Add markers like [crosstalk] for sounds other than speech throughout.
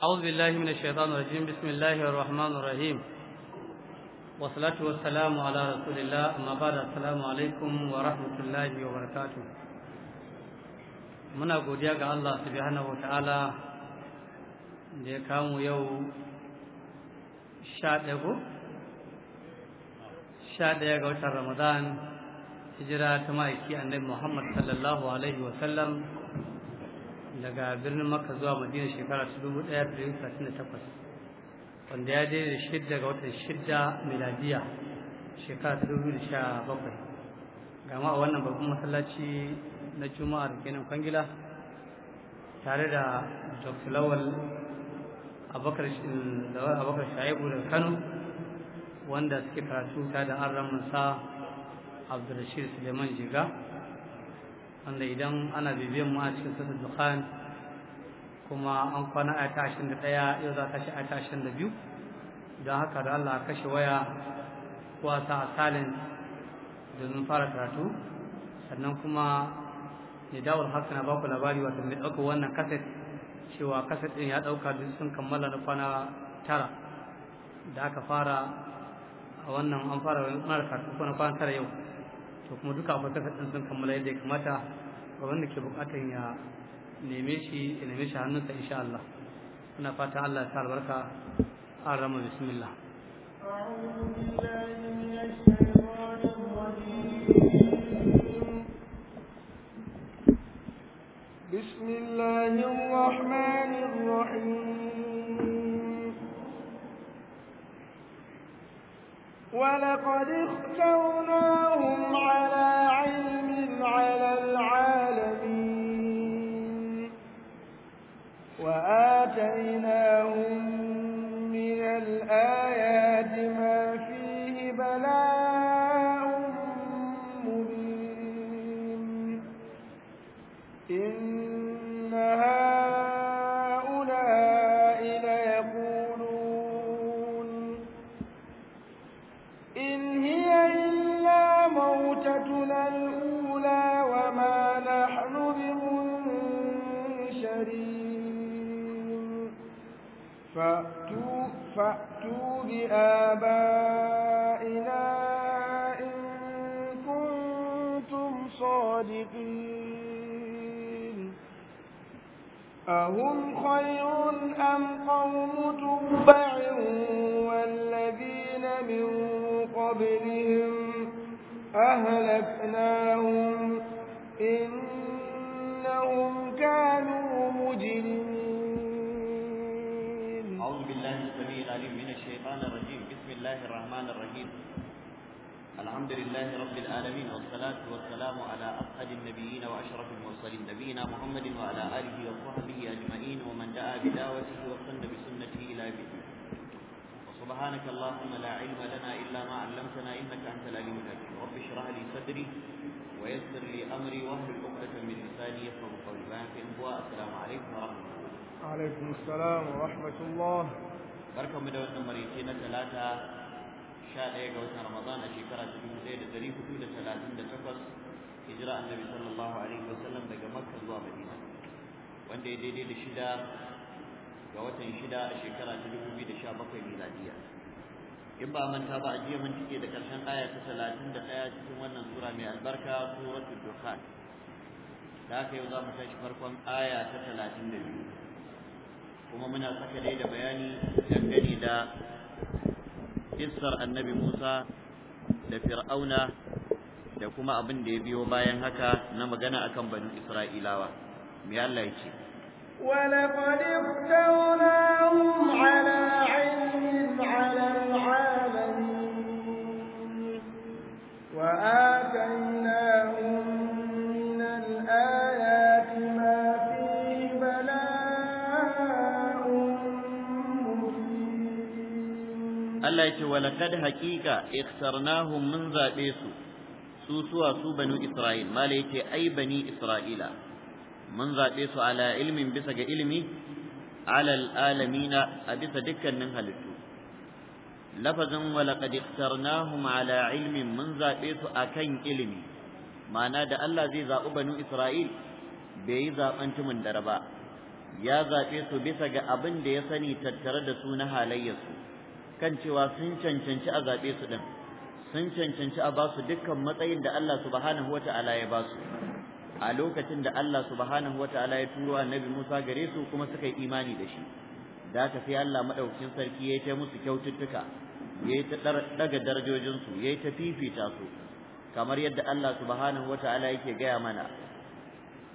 أعوذ بالله من الشيطان الرجيم بسم الله الرحمن الرحيم والصلاة والسلام على رسول الله أما بعد السلام عليكم ورحمة الله وبركاته من أقول ياك الله سبحانه وتعالى دي كامو يو شاد يكو شاد يكو رمضان هجرة ما يكي محمد صلى الله عليه وسلم daga birnin makka zuwa madina shekara ta dubu ɗaya da dubu talatin da takwas wanda ya daidai shidda ga watan shidda miladiya shekara ta dubu da sha bakwai gama a wannan babban masallaci na juma'a da kenan kwangila tare da dr lawal abakar shaibu daga kano wanda suke karatu ta da an ramansa abdulrashid suleiman jiga wanda idan ana bibiyan mu a cikin sassa dukhan kuma an kwana a tashin da ɗaya yau za ta shi a tashin da biyu don haka da Allah kashe waya wasa a salin domin fara karatu sannan kuma nidawul haka na baku labari wata mai ɗauka wannan kaset cewa kaset ɗin ya ɗauka duk sun kammala na kwana tara da aka fara a wannan an fara wani kwana tara yau to kuma duka akwai ɗin sun kammala yadda ya kamata ga wanda ke bukatan ya neme shi ya neme shi hannunsa insha Allah ina fata Allah ya sa albarka an rama bismillah بسم الله الرحمن الرحيم ولقد اخترناهم على علم على العالمين وآتيناهم من الآيات ما فيه فأتوا بآبائنا إن كنتم صادقين أهم خير أم قوم تبع والذين من قبلهم أهلكناهم الحمد لله رب العالمين والصلاة والسلام على أسعد النبيين وأشرف المرسلين نبينا محمد وعلى آله وصحبه أجمعين ومن دعا بدعوته وسن بسنته إلى بيته وسبحانك اللهم لا علم لنا إلا ما علمتنا إنك أنت العليم الحكيم رب اشرح لي صدري ويسر لي أمري واهل عقدة من لساني يفهم قولي السلام عليكم ورحمة الله وعليكم السلام ورحمة الله بركة دولة مريتين ثلاثة 11 ga watan Ramadan a shekara ta 1438 hijira annabi sallallahu alaihi wa sallam daga Makka zuwa Madina wanda ya daidai da shida ga watan shida a shekara ta 2017 miladiya in ba manta ba a jiya mun cike da karshen aya ta 31 cikin wannan sura mai albarka suratul dukhan da aka yau za mu tashi farkon aya ta 32 kuma muna saka dai da bayani dangane da kissar annabi Musa da Fir'auna da kuma abin da ya biyo bayan haka na magana akan banu Isra'ilawa me Allah ya ce ولقد اخترناهم على علم على العالمين وآتيناهم Allah ya ce laqad haqiqa ikhtarnahum mun zabe su su suwa su banu Isra'il mala ya ce ai bani Isra'ila mun zabe su ala ilmin bisa ga ilmi alal alamina a bisa dukkanin halittu lafazin laqad ikhtarnahum ala ilmin mun zabe su akan ilmi ma'ana da Allah zai zabu banu Isra'il bai yi zaben tumin dare ba ya zabe su bisa ga abin da ya sani tattare da su na halayyarsu kan cewa sun cancanci a zaɓe su ɗin sun cancanci a ba su dukkan matsayin da Allah subhanahu wata'ala ya ba su a lokacin da Allah subhanahu wata'ala ya turo annabi Musa gare su kuma suka yi imani da shi da ta fi Allah madaukakin sarki ya yi ta musu kyaututtuka ya yi ta daga darajojinsu ya yi ta fifita su kamar yadda Allah subhanahu wata'ala yake gaya mana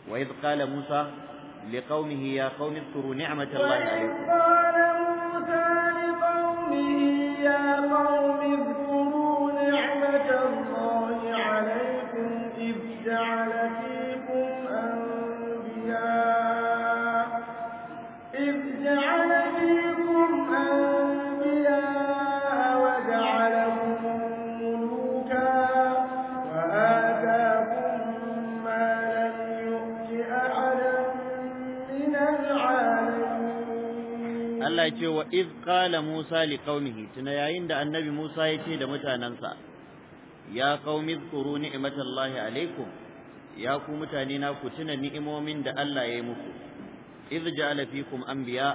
wa idh qala Musa liqaumihi ya qaumi اذكروا نعمة الله يا قوم اذكروا نعمة الله عليكم إذ جعل ce wa iz qala Musa li qaumihi tuna yayin da annabi Musa ya ce da mutanansa ya qaumi zkuru ni'matallahi alaikum ya ku mutane na ku tuna ni'imomin da Allah ya yi muku iz ja'ala fikum anbiya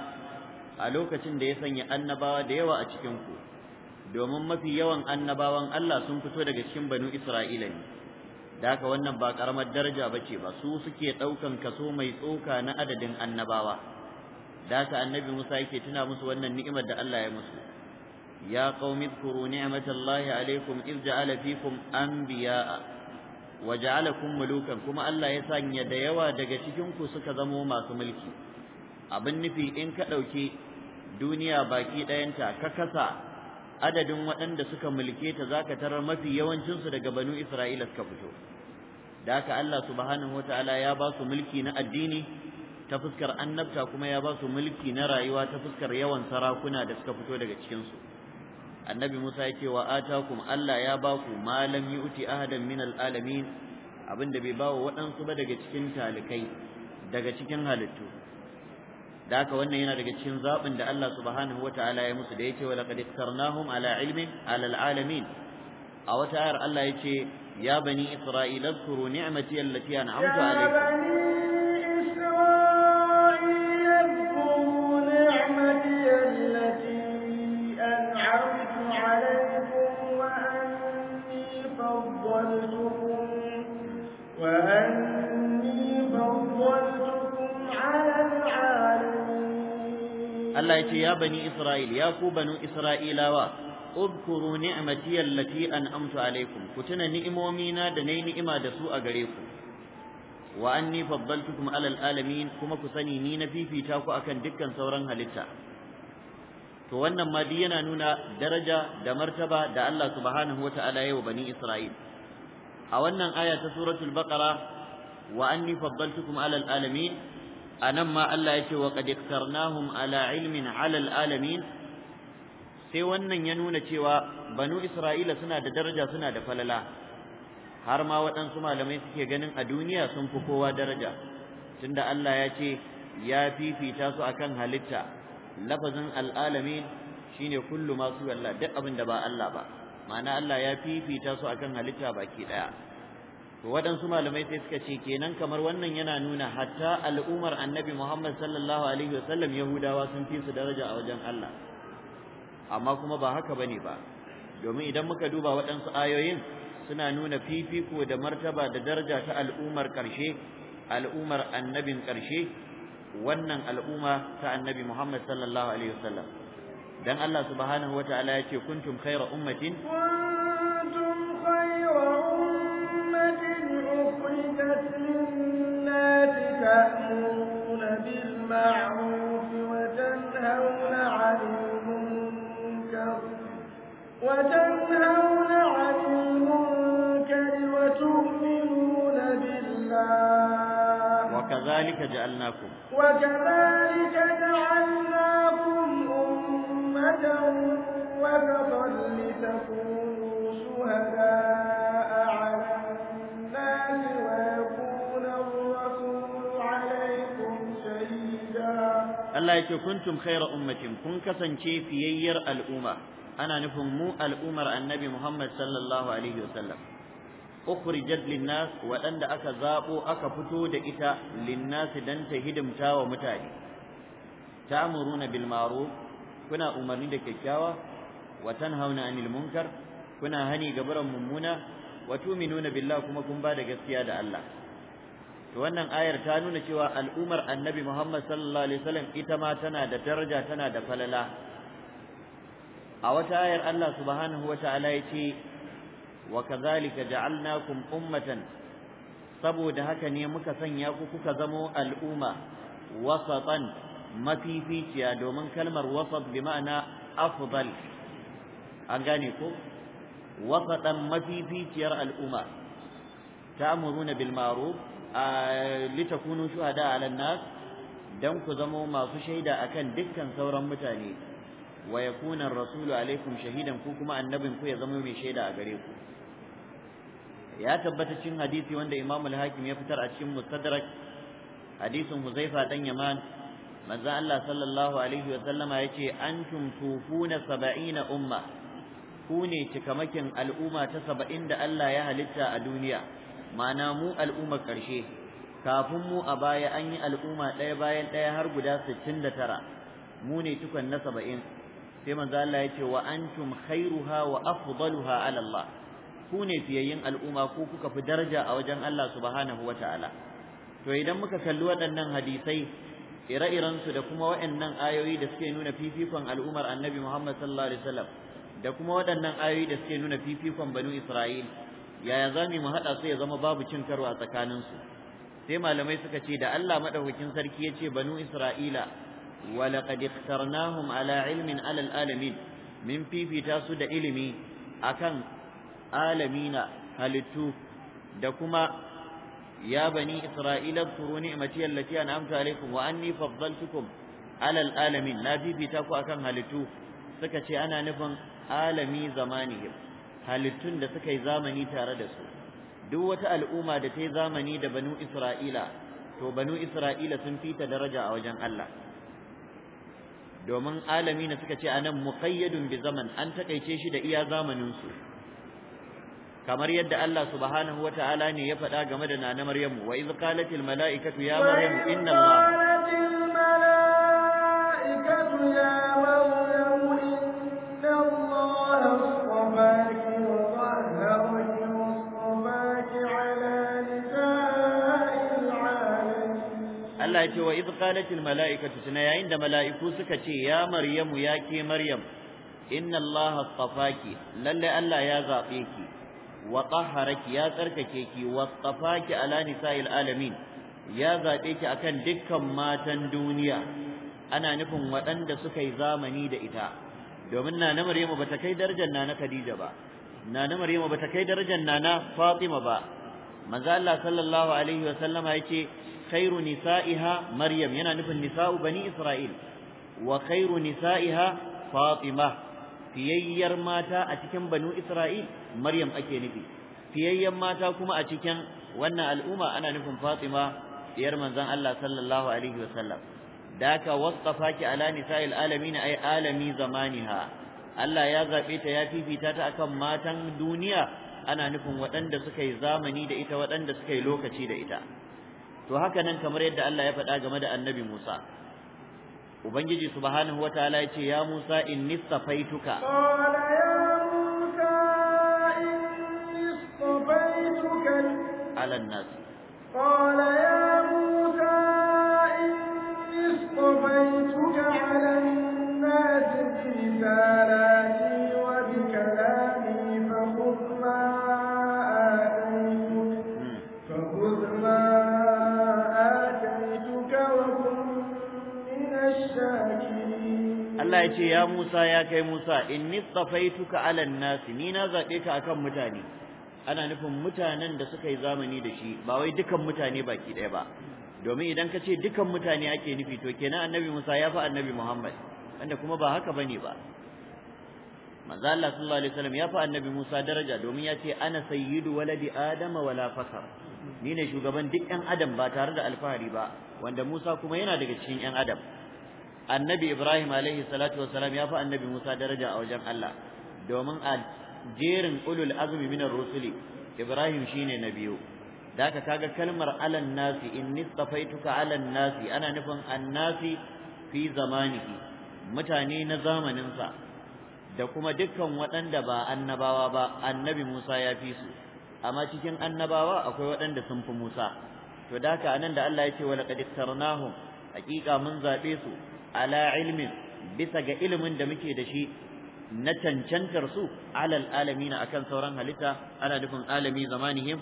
a lokacin da ya sanya annabawa da yawa a cikin ku domin mafi yawan annabawan Allah sun fito daga cikin banu Isra'ila ne da haka wannan ba karamar daraja bace ba su suke daukan kaso mai tsoka na adadin annabawa da haka annabi Musa yake tuna musu wannan ni'imar da Allah ya musu ya qaumi dhkuru ni'matallahi alaikum iz ja'ala fikum anbiya'a wa ja'alakum mulukan kuma Allah ya sanya da yawa daga cikin ku suka zamo masu mulki abin nufi in ka dauki duniya baki ɗayanta ka kasa adadin waɗanda suka mulke ta zaka tarar mafi yawancinsu daga banu Isra'ila suka fito da haka Allah subhanahu wataala ya ba su mulki na addini ta fuskar annabta kuma ya ba su mulki na rayuwa ta fuskar yawan sarakuna da suka fito daga cikinsu annabi musa ya ce wa atakum allah ya ba ku malam yu'ti ahadan min alalamin da bai ba wa waɗansu ba daga cikin talikai daga cikin halittu da haka wannan yana daga cikin zaɓin da allah subhanahu wataala ya musu da ya ce wa laqad iktarnahum ala ilmin ala alalamin a wata ayar allah ya ce ya bani isra'ila اذكروا نعمتي التي انعمت عليكم ce ya bani Isra’il, ya ku banu Isra’ilawa, Ubkuru ni’amati yallafi an amsu alaikum, ku tuna ni'imomi na da na ni’ima da su a gare ku, wa an ni fabbaltu kuma alal alamin kuma ku sani ni na fifita ku akan dukkan sauran halitta. To wannan ma duk yana nuna daraja da martaba da Allah subhanahu wa ta’ala yau bani Isra’il. A wannan aya ta Suratul Baqara wa an ni fabbaltu kuma alal alamin anan ma Allah yake wa qad iktarnahum ala ilmin ala alamin sai wannan ya nuna cewa banu isra'ila suna da daraja suna da falala har ma waɗansu malamai suke ganin a duniya sun fi kowa daraja tunda Allah ya ce ya fifita su akan halitta lafazin al'alamin shine kullu ma su Allah duk abin da ba Allah ba ma'ana Allah ya fifita su akan halitta baki daya to waɗansu malamai sai suka ce kenan kamar wannan yana nuna hatta al'umar annabi Muhammad sallallahu alaihi wasallam Yahudawa sun fi su daraja a wajen Allah amma kuma ba haka bane ba domin idan muka duba waɗansu ayoyin suna nuna fifiko da martaba da daraja ta al'umar ƙarshe al'umar annabin ƙarshe wannan al'umma ta annabi Muhammad sallallahu alaihi wasallam dan Allah subhanahu ta'ala ya ce kuntum khayra ummatin kuntum khayra تلك تأمرون بالمعروف وتنهون عن المنكر وتنهون بالله وكذلك جعلناكم وكذلك جعلناكم أمة وسطا لتكونوا ta'ala yake kuntum khayra ummatin kun kasance fiyayyar al'umma ana nufin mu al'ummar annabi Muhammad sallallahu alaihi wasallam ukhrijat linnas waɗanda aka zabo aka fito da ita linnas dan ta hidimta wa mutane ta'muruna bil ma'ruf kuna umarni da kyakkyawa wa tanhauna 'anil munkar kuna hani gabaran mummuna wa tu'minuna billahi kuma kun ba da gaskiya da Allah to wannan ayar ta nuna cewa al'umar annabi Muhammad sallallahu alaihi wasallam ita ma tana da daraja tana da falala a wata ayar Allah subhanahu wa ta'ala ya ce wa kadhalika ja'alnakum ummatan saboda haka ne muka sanya ku kuka zamo al'umma wasatan mafificiya domin kalmar wasat bi ma'ana afdal an gane ko wasatan mafificiyar al'umma ta'muruna bil ma'ruf litakunu shuhada ala nas dan ku zamo masu shaida akan dukkan sauran mutane wa yakuna rasulu alaikum shahidan ku kuma annabin ku ya zama mai shaida a gare ku ya tabbata cikin hadisi wanda Imam al-Hakim ya fitar a cikin Mustadrak hadisin Huzaifa dan Yaman manzo Allah sallallahu alaihi wa sallama yace antum tufuna 70 umma ku ne cikamakin al'umma ta 70 da Allah ya halitta a duniya ma'ana mu al'ummar ƙarshe kafin mu a baya an yi al'umma ɗaya bayan ɗaya har guda sittin da tara mu ne tukun na saba'in sai manzo Allah ya ce wa antum khairuha wa afdaluha ala Allah ku ne fiyayyin al'umma ko kuka fi daraja a wajen Allah subhanahu wataala to idan muka kalli waɗannan hadisai ire-iren su da kuma waɗannan ayoyi da suke nuna fifikon al'ummar Annabi Muhammad sallallahu alaihi wasallam da kuma waɗannan ayoyi da suke nuna fifikon Bani Isra'il yaya za mu haɗa su ya zama babu cin karo a tsakaninsu sai malamai suka ce da Allah maɗaukakin sarki ya ce banu isra'ila wa laqad ikhtarnahum ala ilmin alal alamin min fifita su da ilimi akan alamina halittu da kuma ya bani isra'ila kuru ni'mati allati an'amtu alaikum wa anni faddaltukum alal alamin na fifita ku akan halittu suka ce ana nufin alami zamanihim halittun da suka yi zamani tare da su duk wata al'umma da ta yi zamani da banu isra'ila to banu isra'ila sun fita daraja a wajen Allah domin alami na suka ce a nan muqayyadun bi zaman an takaice shi da iya zamanin su kamar yadda Allah subhanahu wata'ala ne ya faɗa game da nana Maryam wa iz qalatil mala'ikatu ya maryam inna Allah Allah ya ce wa idh qalatil mala'ikatu tuna yayin da mala'iku suka ce ya maryamu ya ke maryam inna Allah astafaki lalle Allah ya zabe ki wa tahharaki ya tsarkake ki wa astafaki ala nisa'il alamin ya zabe ki akan dukkan matan duniya ana nufin waɗanda suka yi zamani da ita domin na na maryamu bata kai darajar na na khadija ba na na maryamu bata kai darajar na na fatima ba manzo Allah sallallahu alaihi wa sallama yace khairu nisa'iha maryam yana nufin nisa'u bani isra'il wa nisa'iha fatima fiyayyar mata a cikin banu isra'il maryam ake nufi fiyayyan mata kuma a cikin wannan al'umma ana nufin fatima diyar manzon Allah sallallahu alaihi wasallam da aka wasqafa ki ala nisa'il alamin ay alami zamaniha Allah ya zaɓe ta ya fifita ta akan matan duniya ana nufin waɗanda suka zamani da ita waɗanda suka yi lokaci da ita to haka nan kamar yadda Allah ya faɗa game da annabi Musa ubangiji subhanahu wataala ya ce ya Musa inni safaituka qala ya Musa inni safaituka ala nas qala ya Allah ya ce ya Musa ya kai Musa inni tsafaituka ala nasi ni na zabe ka akan mutane ana nufin mutanen da suka yi zamani da shi ba wai dukan mutane baki ɗaya ba domin idan ka ce dukan mutane ake nufi to kenan annabi Musa ya fi annabi Muhammad wanda kuma ba haka bane ba manzo Allah sallallahu alaihi wasallam ya fi annabi Musa daraja domin ya ce ana sayyidu waladi adama wala fakar ni ne shugaban duk ƴan adam ba tare da alfahari ba wanda Musa kuma yana daga cikin ƴan adam annabi Ibrahim alaihi salatu wassalam ya fi annabi Musa daraja a wajen Allah domin a jerin ulul azmi minar rusuli Ibrahim shine na biyu da ka kaga kalmar alan nasi inni safaituka alan nasi ana nufin annasi fi zamanihi mutane na zamaninsa da kuma dukkan waɗanda ba annabawa ba annabi Musa ya fi su amma cikin annabawa akwai waɗanda sun fi Musa to da haka anan da Allah ya ce wa laqad iktarnahum haƙiƙa mun zaɓe su ala ilmin bisa ga ilimin da muke da shi na cancantar su alal alamina akan sauran halitta ana nufin alami zamanihim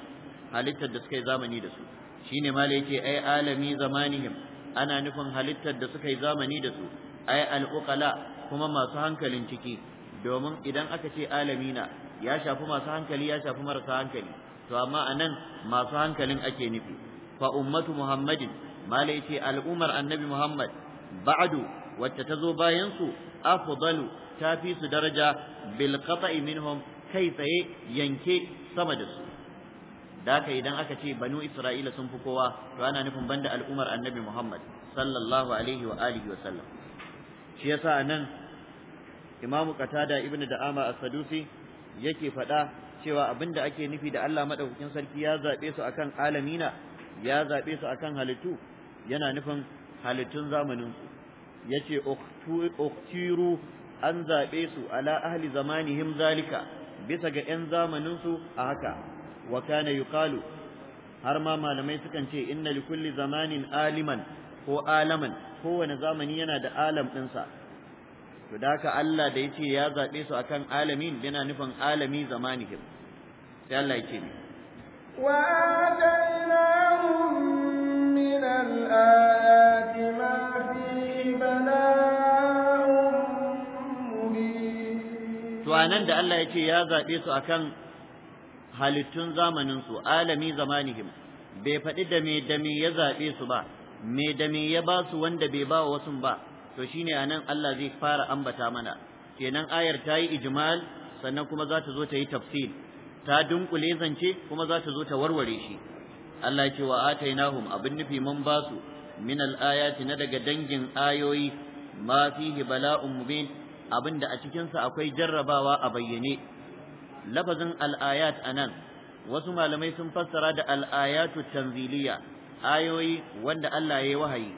halittar da suka yi zamani da su shine mala yake ai alami zamanihim ana nufin halittar da suka yi zamani da su ai al'uqala kuma masu hankalin ciki domin idan aka ce alamina ya shafi masu hankali ya shafi marasa hankali to amma anan masu hankalin ake nufi fa ummatu muhammadin mala al'ummar annabi muhammad ba'du wacce ta zo bayan su afdalu ta fi su daraja bil qata'i minhum kai tsaye yanke sama da su da haka idan aka ce banu isra'ila sun fi kowa to ana nufin banda al'ummar annabi muhammad sallallahu alaihi wa alihi wa sallam shi yasa nan imamu qatada ibnu da'ama as-sadusi yake faɗa cewa abinda ake nufi da Allah madaukakin sarki ya zabe su akan alamina ya zabe su akan halittu yana nufin halittun zamaninsu su yace oktiru an zabe su ala ahli zamanihim zalika bisa ga yan zamaninsu a haka wa kana yuqalu har ma malamai sukan ce inna kulli zamanin aliman ko alaman kowane zamani yana da alam ɗinsa to da haka Allah da ya ce ya zabe su akan alamin yana nufin alami zamanihim sai Allah yake ne wa nan da Allah ya ce ya zaɓe su a kan halittun zamanin su alami zamanihim bai faɗi da me da me ya zabe su ba me da me ya ba su wanda bai ba wasu ba to shine anan Allah zai fara ambata mana kenan ayar ta yi ijmal sannan kuma za ta zo ta yi tafsil ta dunkule zance kuma za ta zo ta warware shi Allah ce wa atainahum abin nufi mun ba su min al-ayati na daga dangin ayoyi ma fihi bala'un mubin abinda a cikin sa akwai jarrabawa a bayyane lafazin al-ayat anan wasu malamai sun fassara da al-ayatu tanziliya ayoyi wanda Allah ya wahayi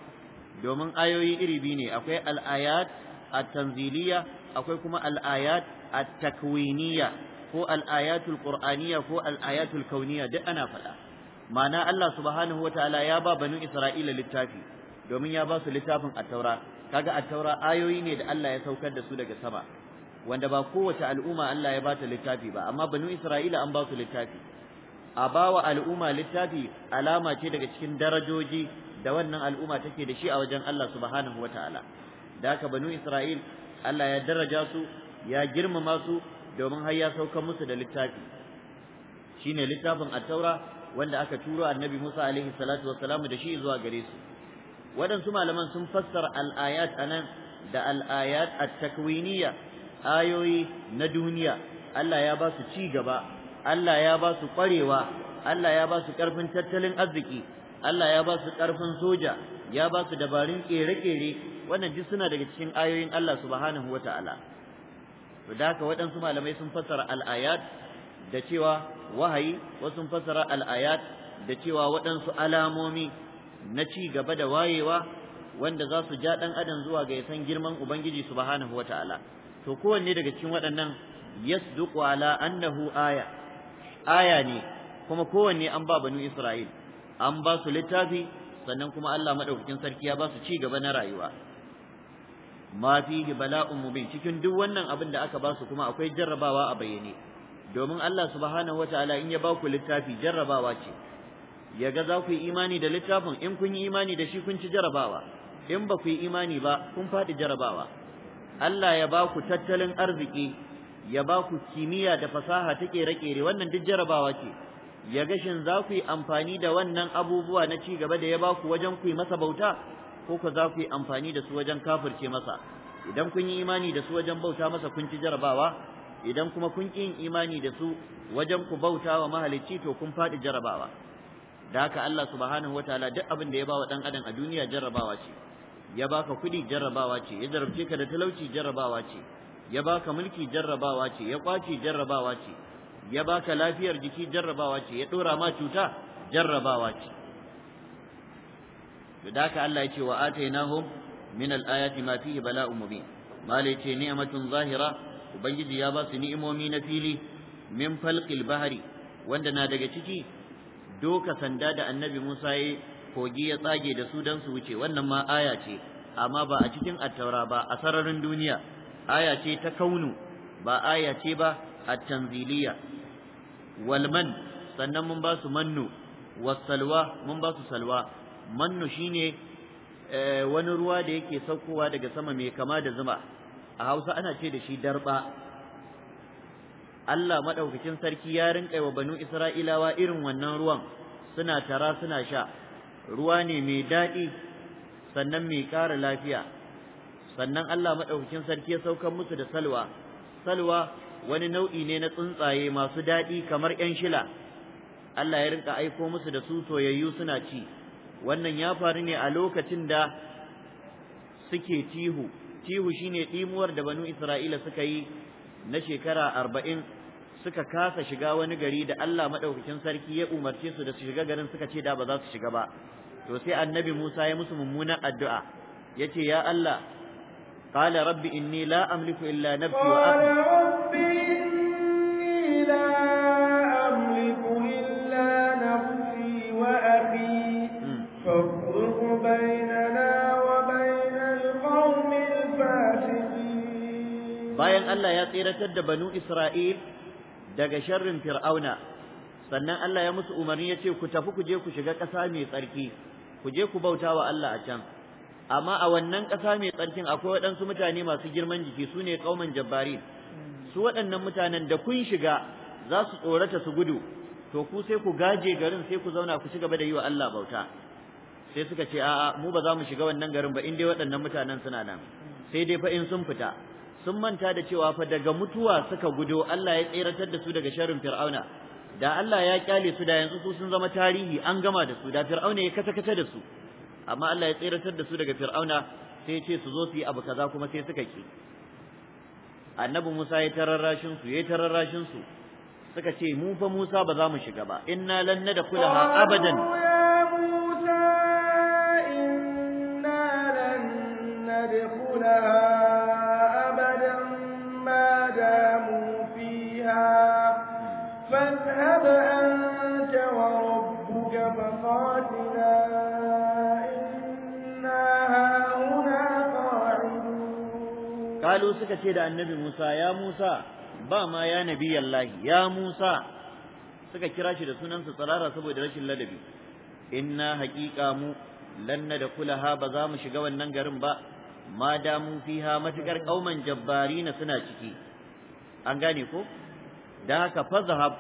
domin ayoyi iri biyu ne akwai al-ayat at-tanziliya akwai kuma al-ayat at-takwiniya ko al-ayatul qur'aniya ko al-ayatul kauniya duk ana faɗa ma'ana Allah subhanahu wataala ya ba banu Isra'ila littafi domin ya ba su littafin at-taura kaga at-taura ayoyi ne da Allah ya saukar da su daga sama wanda ba kowace al'umma Allah ya ba ta littafi ba amma banu Isra'ila an ba su littafi a ba wa al'umma littafi alama ce daga cikin darajoji da wannan al'umma take da shi a wajen Allah subhanahu wataala da haka banu Isra'il Allah ya daraja su ya girmama su domin har ya sauka musu da littafi shine littafin at-taura wanda aka turo annabi Musa alaihi salatu wassalamu da shi zuwa gare su waɗansu malaman sun fassara al'ayat a anan da al a at-takwiniyya ayoyi na duniya Allah ya ba su ci gaba Allah ya ba su ƙwarewa Allah ya ba su ƙarfin tattalin arziki Allah ya ba su ƙarfin soja ya ba su dabarun ƙere-ƙere wannan duk suna daga cikin ayoyin Allah subhanahu wata'ala to da haka waɗansu malamai sun fassara al'ayat da cewa wahayi wasu fasara al'ayat da cewa waɗansu alamomi na ci gaba da wayewa wanda za su ja ɗan adam zuwa ga yasan san girman ubangiji subhanahu wata'ala to kowanne daga cikin waɗannan yasduqu ala annahu aya aya ne kuma kowanne an ba banu isra'il an ba su littafi sannan kuma Allah madaukakin sarki ya ba su ci gaba na rayuwa ma fihi bala'un mubin cikin duk wannan abin da aka ba su kuma akwai jarrabawa a bayyane domin Allah subhanahu wataala in ya ba ku littafi jarrabawa ce ya ga za ku yi imani da littafin in kun yi imani da shi kun ci jarrabawa in ba ku yi imani ba kun faɗi jarrabawa Allah ya ba ku tattalin arziki ya ba ku kimiyya da fasaha ta kere-kere wannan duk jarrabawa ce ya ga shin za ku yi amfani da wannan abubuwa na ci gaba da ya ba ku wajen ku yi masa bauta ko ku za ku yi amfani da su wajen kafirce masa idan kun yi imani da su wajen bauta masa kun ci jarrabawa. idan kuma kun ƙi yin imani da su wajen ku bauta wa mahalicci to kun faɗi jarabawa da haka Allah subhanahu wataala duk abin da ya bawa dan adam a duniya jarrabawa ce ya baka kuɗi jarabawa ce ya jarabce ka da talauci jarrabawa ce ya baka mulki jarrabawa ce ya kwace jarrabawa ce ya baka lafiyar jiki jarrabawa ce ya dora ma cuta jarrabawa ce da haka Allah ya ce wa atainahum min al-ayati ma fihi bala'un mubin malai ce ni'matun zahira ubangiji ya ba su ni'imomi na fili min falqil bahri wanda na daga ciki doka sanda da annabi Musa ya kogi ya tsage da su dan su wuce wannan ma aya ce amma ba a cikin attaura ba a sararin duniya aya ce ta kaunu ba aya ce ba a tanziliya walman sannan mun ba su mannu wasalwa mun ba su salwa mannu shine eh, wani ruwa da yake saukowa daga sama mai kama da zuma a Hausa ana ce da shi darba Allah madaukakin sarki ya rinka wa banu Isra'ilawa irin wannan ruwan suna tara suna sha ruwa ne mai daɗi sannan mai ƙara lafiya sannan Allah madaukakin sarki ya saukar musu da salwa salwa wani nau'i ne na tsuntsaye masu daɗi kamar 'yan shila Allah ya rinka aiko musu da su soyayyu suna ci wannan ya faru ne a lokacin da suke tihu tihu shine ɗimuwar da banu isra'ila suka yi na shekara arba'in suka kasa shiga wani gari da Allah maɗaukacin sarki ya umarce su da su shiga garin suka ce da ba za su shiga ba to sai annabi Musa ya musu mummunan addu'a yace ya Allah qala rabbi inni la amliku illa nafsi wa ahli bayan Allah ya tseratar da banu Isra'il daga sharrin Fir'auna sannan Allah ya musu umarni ya ce ku tafi ku je ku shiga ƙasa mai tsarki ku je ku bauta wa Allah a can amma a wannan ƙasa mai tsarkin akwai waɗansu mutane masu girman jiki su ne ƙauman jabbari su waɗannan mutanen da kun shiga za su tsorata su gudu to ku sai ku gaje garin sai ku zauna ku ci gaba da yi wa Allah bauta sai suka ce a'a mu ba za mu shiga wannan garin ba in dai waɗannan mutanen suna nan sai dai fa in sun fita sun manta da cewa fa daga mutuwa suka gudo Allah ya tseratar da su daga sharrin fir'auna da Allah ya kyale su da yanzu su sun zama tarihi an gama da su da fir'auna ya kata kata da su amma Allah ya tseratar da su daga fir'auna sai ya ce su zo su yi abu kaza kuma sai suka ki annabi Musa ya tararrashin su ya tararrashin su suka ce mu fa Musa ba za mu shiga ba inna lan nadkhulaha abadan qalu suka ce da annabi Musa ya Musa ba ma ya nabiyallahi ya Musa suka kira shi da sunansa tsirara saboda rashin ladabi inna haqiqa mu da kulaha ba za mu shiga wannan garin ba ma da mu fiha matakar kauman jabbarina suna ciki an gane ko da haka fazhab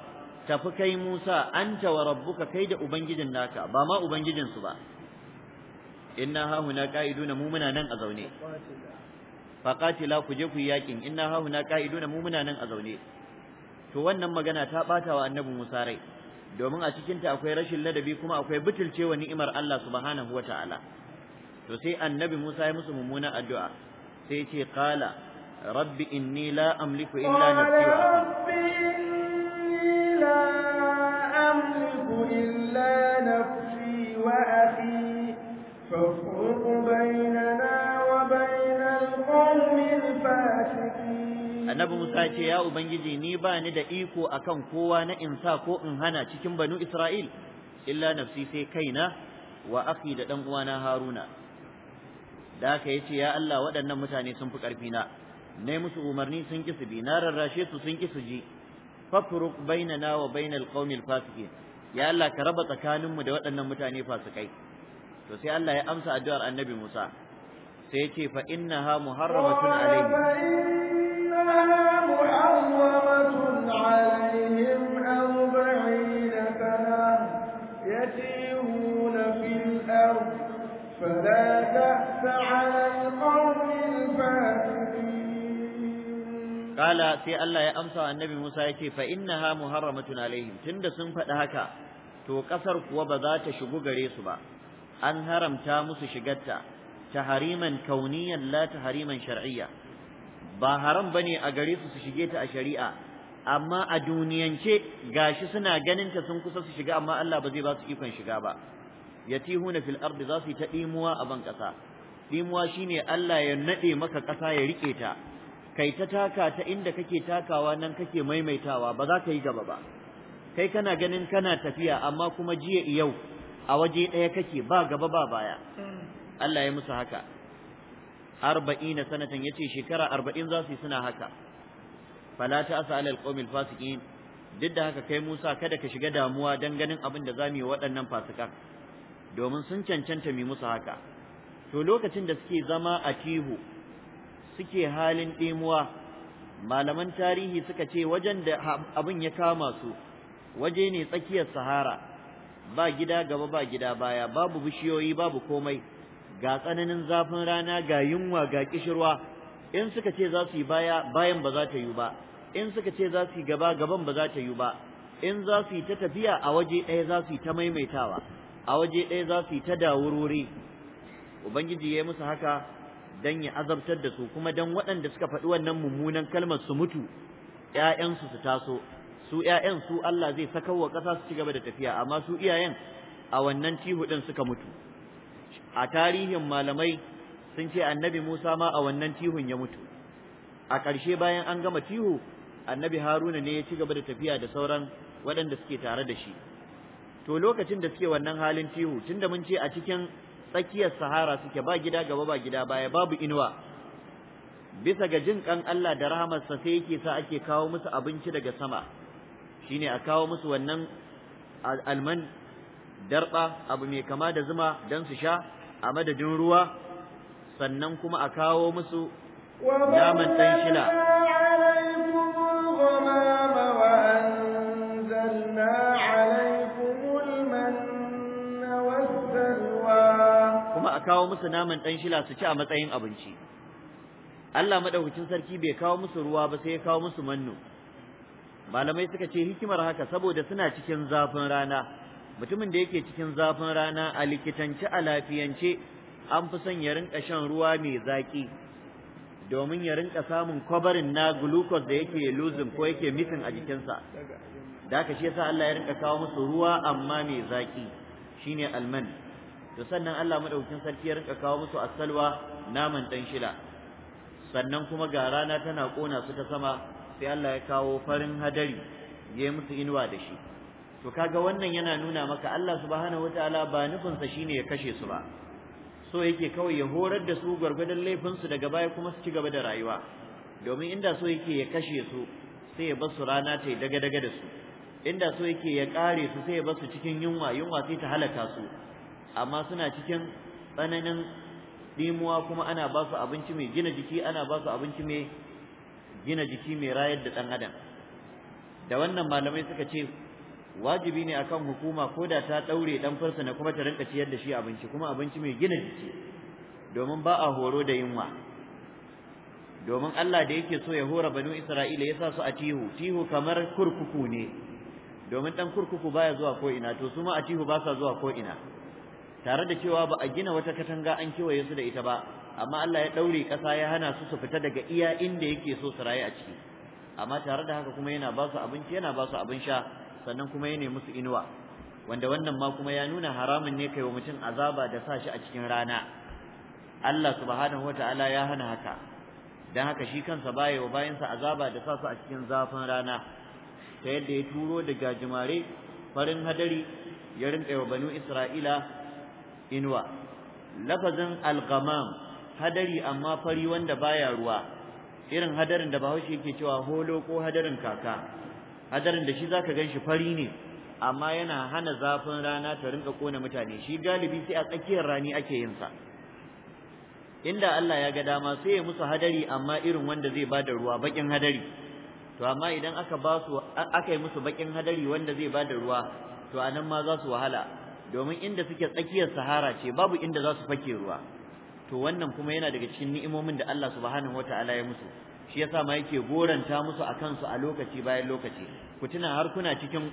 tafi kai Musa anta wa rabbuka kai da ubangijin naka ba ma ubangijinsu su ba inna ha huna qa'iduna mu muna nan a zaune faqatila ku je ku yakin inna hahuna qa'iduna mu muna nan a zaune to wannan magana ta bata wa annabi Musa rai domin a cikin ta akwai rashin ladabi kuma akwai butulcewa ni'imar Allah subhanahu wata'ala to sai annabi Musa ya musu mummuna addu'a sai ya ce qala rabbi inni la amliku illa nafsi wa annabi Musa ce ya ubangiji ni ba ni da iko akan kowa na in sa ko in hana cikin banu Isra'il illa nafsi sai kaina wa akhi da dan uwana Haruna da haka yace ya Allah waɗannan mutane sun fi ƙarfi na ne musu umarni sun ki su bi na rarrashe su sun ki su ji fafruq bainana wa bainal qaumil fasiqin ya Allah ka raba tsakaninmu da waɗannan mutane fasikai to sai Allah ya amsa addu'ar annabi Musa sai ya ce fa innaha muharramatun alayhi kala sai Allah ya amsa annabi Musa ya ce fa innaha muharramatun alaihim tunda sun faɗi haka to ƙasar kuwa ba za ta shigu gare su ba an haramta musu shigarta tahariman kauniyan la tahariman shar'iyya ba haram bane a gare su su shige ta a shari'a amma a duniyance gashi suna ganin ta sun kusa su shiga amma Allah ba zai ba su ikon shiga ba yatihuna fil ardi za su ta dimuwa a ban kasa dimuwa shine Allah ya nade maka kasa ya rike ta kai ta taka ta inda kake takawa nan kake maimaitawa ba za ka yi gaba ba kai kana ganin kana tafiya amma kuma jiya yau a waje ɗaya kake ba gaba ba baya mm. Allah ya musu haka arba'ina sanatan ya ce shekara arba'in za su yi suna haka fala ta asa alal qawmil duk da haka kai Musa kada ka shiga damuwa dan ganin abin da zamu yi waɗannan fasikan domin sun cancanta mai musu haka to lokacin da suke zama a tihu suke halin ɗimuwa malaman tarihi suka ce wajen da abin ya kama su waje ne tsakiyar sahara ba gida gaba ba gida baya babu bishiyoyi babu komai ga tsananin zafin rana ga yunwa ga kishirwa in suka ce za su yi baya bayan ba za ta yi ba in suka ce za su yi gaba gaban ba za ta yi ba in za su yi ta tafiya a waje ɗaya za su yi ta maimaitawa a waje ɗaya za su yi ta dawururi ubangiji ya yi musu haka dan ya azabtar da su kuma dan waɗanda suka faɗi wannan mummunan kalmar su mutu ‘ya'yansu su taso su ‘ya'yan su Allah zai sakawa ƙasa su ci gaba da tafiya amma su iyayen a wannan tihu ɗin suka mutu a tarihin malamai sun ce annabi Musa ma a wannan tihun ya mutu a ƙarshe bayan an gama tihu annabi Haruna ne ya ci gaba da tafiya da sauran waɗanda suke tare da shi to lokacin da suke wannan halin tihu tunda mun ce a cikin tsakiyar sahara suke ba gida gaba ba gida baya babu inuwa bisa ga jin kan Allah da sa sai yake sa ake kawo musu abinci daga sama shine a kawo musu wannan alman darba abu mai kama da zuma dan su sha a madadin ruwa sannan kuma a kawo musu naman ɗan shila kuma a kawo musu naman ɗan shila su ci a matsayin abinci Allah maɗaukacin sarki bai kawo musu ruwa ba sai ya kawo musu mannu. malamai suka ce hikimar haka saboda suna cikin zafin rana mutumin da yake cikin zafin rana a likitance a lafiyance an fi son ya rinka shan ruwa mai zaƙi domin ya rinka samun kwabarin na glucose da yake losing ko yake missing a jikinsa da aka shi yasa Allah ya rinka kawo musu ruwa amma mai zaƙi shine alman to sannan Allah madaukakin sarki ya rinka kawo musu asalwa naman dan shida. sannan kuma ga rana tana kona su ta sama sai Allah ya kawo farin hadari ya yi musu inuwa da shi to kaga wannan yana nuna maka Allah subhanahu wataala ba nufin sa shine ya kashe su ba so yake kawai ya horar da su gwargwadon laifin su daga baya kuma su ci gaba da rayuwa domin inda so yake ya kashe su sai ya bar rana ta daga daga da su inda so yake ya kare su sai ya basu cikin yunwa yunwa sai ta halaka su amma suna cikin tsananin dimuwa kuma ana ba su abinci mai gina jiki ana ba su abinci mai gina jiki mai rayar da ɗan adam da wannan malamai suka ce wajibi ne akan hukuma ko da ta daure dan fursuna kuma ta rinka ciyar da shi abinci kuma abinci mai gina jiki domin ba a horo da yunwa domin Allah da yake so ya hora banu Isra'ila ya sa su a tihu tihu kamar kurkuku ne domin dan kurkuku baya zuwa ko ina to su ma a tihu ba sa zuwa ko ina tare da cewa ba a gina wata katanga an kiwa su da ita ba amma Allah ya daure kasa ya hana su su fita daga iya inda yake so su rayu a ciki amma tare da haka kuma yana ba su abinci yana ba su abin sha sannan kuma ya nemi su inuwa wanda wannan ma kuma ya nuna haramun ne kai wa mutum azaba da sa shi a cikin rana Allah subhanahu wataala ya hana haka dan haka shi kansa baya wa bayansa azaba da sa su a cikin zafin rana ta yadda ya turo da gajimare farin hadari ya rinka wa banu Isra'ila inuwa lafazin al hadari amma fari wanda baya ruwa irin hadarin da Bahaushe yake cewa holo ko hadarin kaka hadarin da shi zaka gan shi fari ne amma yana hana zafin rana ta rinka kona mutane shi galibi sai a tsakiyar rani ake yin sa inda Allah ya ga dama sai ya musu hadari amma irin wanda zai bada ruwa bakin hadari to amma idan aka ba su aka yi musu bakin hadari wanda zai bada ruwa to anan ma za su wahala domin inda suke tsakiyar sahara ce babu inda za su fake ruwa to wannan kuma yana daga cikin ni'imomin da Allah subhanahu wataala ya musu shi yasa ma yake goranta musu a kansu a lokaci bayan lokaci ku tuna har kuna cikin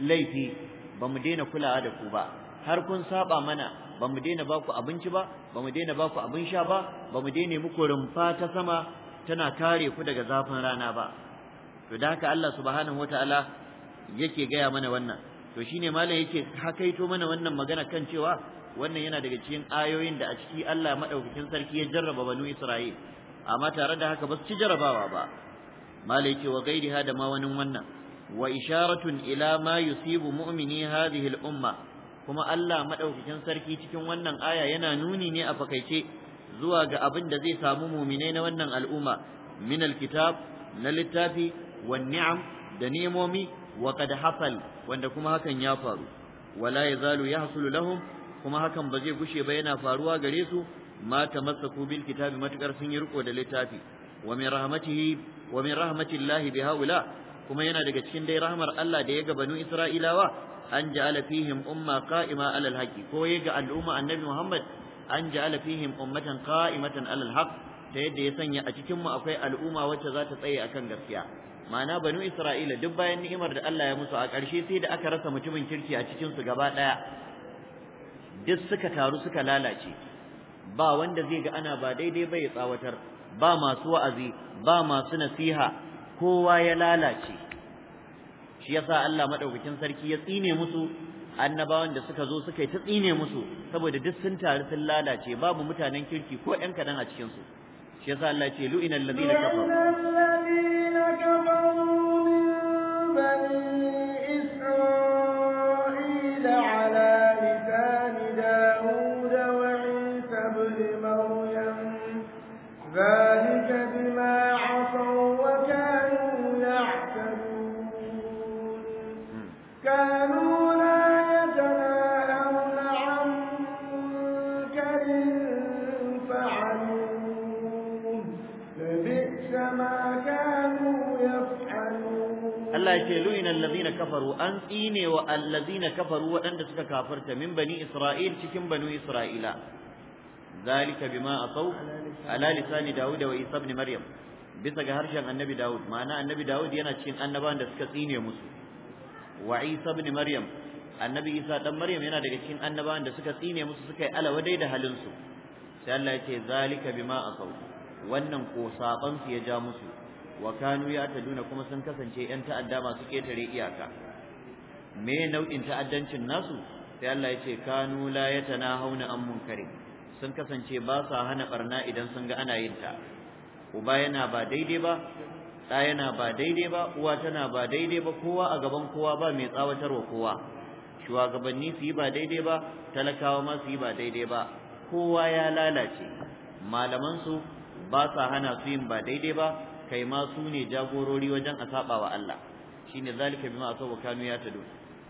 laifi ba mu daina kulawa da ku ba har kun saba mana ba mu daina ba ku abinci ba ba mu daina ba ku abin sha ba ba mu daina muku rumfa ta sama tana kare ku daga zafin rana ba to da haka Allah subhanahu wataala yake gaya mana wannan to shine malam yake hakaito mana wannan magana kan cewa wannan yana daga cikin ayoyin da a ciki Allah madaukakin sarki ya jarraba banu Isra'il amma tare da haka ba su ci jarabawa ba Maliki, wa gairi da ma wani wannan wa isharatun ila ma yusibu mu'mini hadhihi al-umma kuma Allah madaukakin sarki cikin wannan aya yana nuni ne a fakaice zuwa ga abin da zai samu mu'minai na wannan al'umma min al-kitab na littafi wa ni'am da ni'imomi wa qad hasal wanda kuma hakan ya faru wala yazalu yahsulu lahum kuma hakan ba zai gushe ba yana faruwa gare su ma tamassaku bil kitabi matukar sun yi riko da littafi wa min rahmatihi haula kuma yana daga cikin dai rahmar Allah da ya ga banu Isra'ilawa an ja'ala fihim umma qa'ima alal haqi ko ya ga al'umma annabi Muhammad an ja'ala fihim ummatan qa'imatan alal haqq ta yadda ya sanya a cikin mu akwai al'umma wacce za ta tsaye akan gaskiya Mana banu Isra'ila duk bayan ni'imar da Allah ya musu a ƙarshe sai da aka rasa mutumin kirki a cikinsu gaba ɗaya. duk suka taru suka lalace ba wanda zai ga ana ba daidai ba ya tsawatar ba masu wa'azi ba masu nasiha kowa ya lalace shi yasa Allah madaukakin sarki ya tsine musu annabawan da suka zo suka yi ta tsine musu saboda duk sun taru sun lalace babu mutanen kirki ko ɗan kadan a cikin su shi yasa Allah ya ce lu'inal ladina kafaru allazina kafaru an tsine wa allazina kafaru waɗanda suka kafarta min bani isra'il cikin banu isra'ila zalika bima asaw ala lisani dawud wa isa ibn maryam bisa ga harshen annabi dawud ma'ana annabi dawud yana cikin annaban da suka tsine musu wa isa ibn maryam annabi isa dan maryam yana daga cikin annaban da suka tsine musu suka yi alawadai da halin su sai Allah ya ce zalika bima asaw wannan ko sabon su ya ja musu wa kanu duna kuma sun kasance yan ta'adda masu ketare iyaka me nau'in ta'addancin nasu sai Allah ya kanu la yatanahawna an munkari sun kasance ba sa hana barna idan sun ga ana yin ta uba yana ba daidai ba ɗa yana ba daidai ba uwa tana ba daidai ba kowa a gaban kowa ba mai tsawatarwa kowa shugabanni su yi ba daidai ba talakawa ma su yi ba daidai ba kowa ya lalace malamansu ba sa hana su yin ba daidai ba kai ma su ne jagorori wajen a saba Allah shine zalika bima asabu kanu ya tadu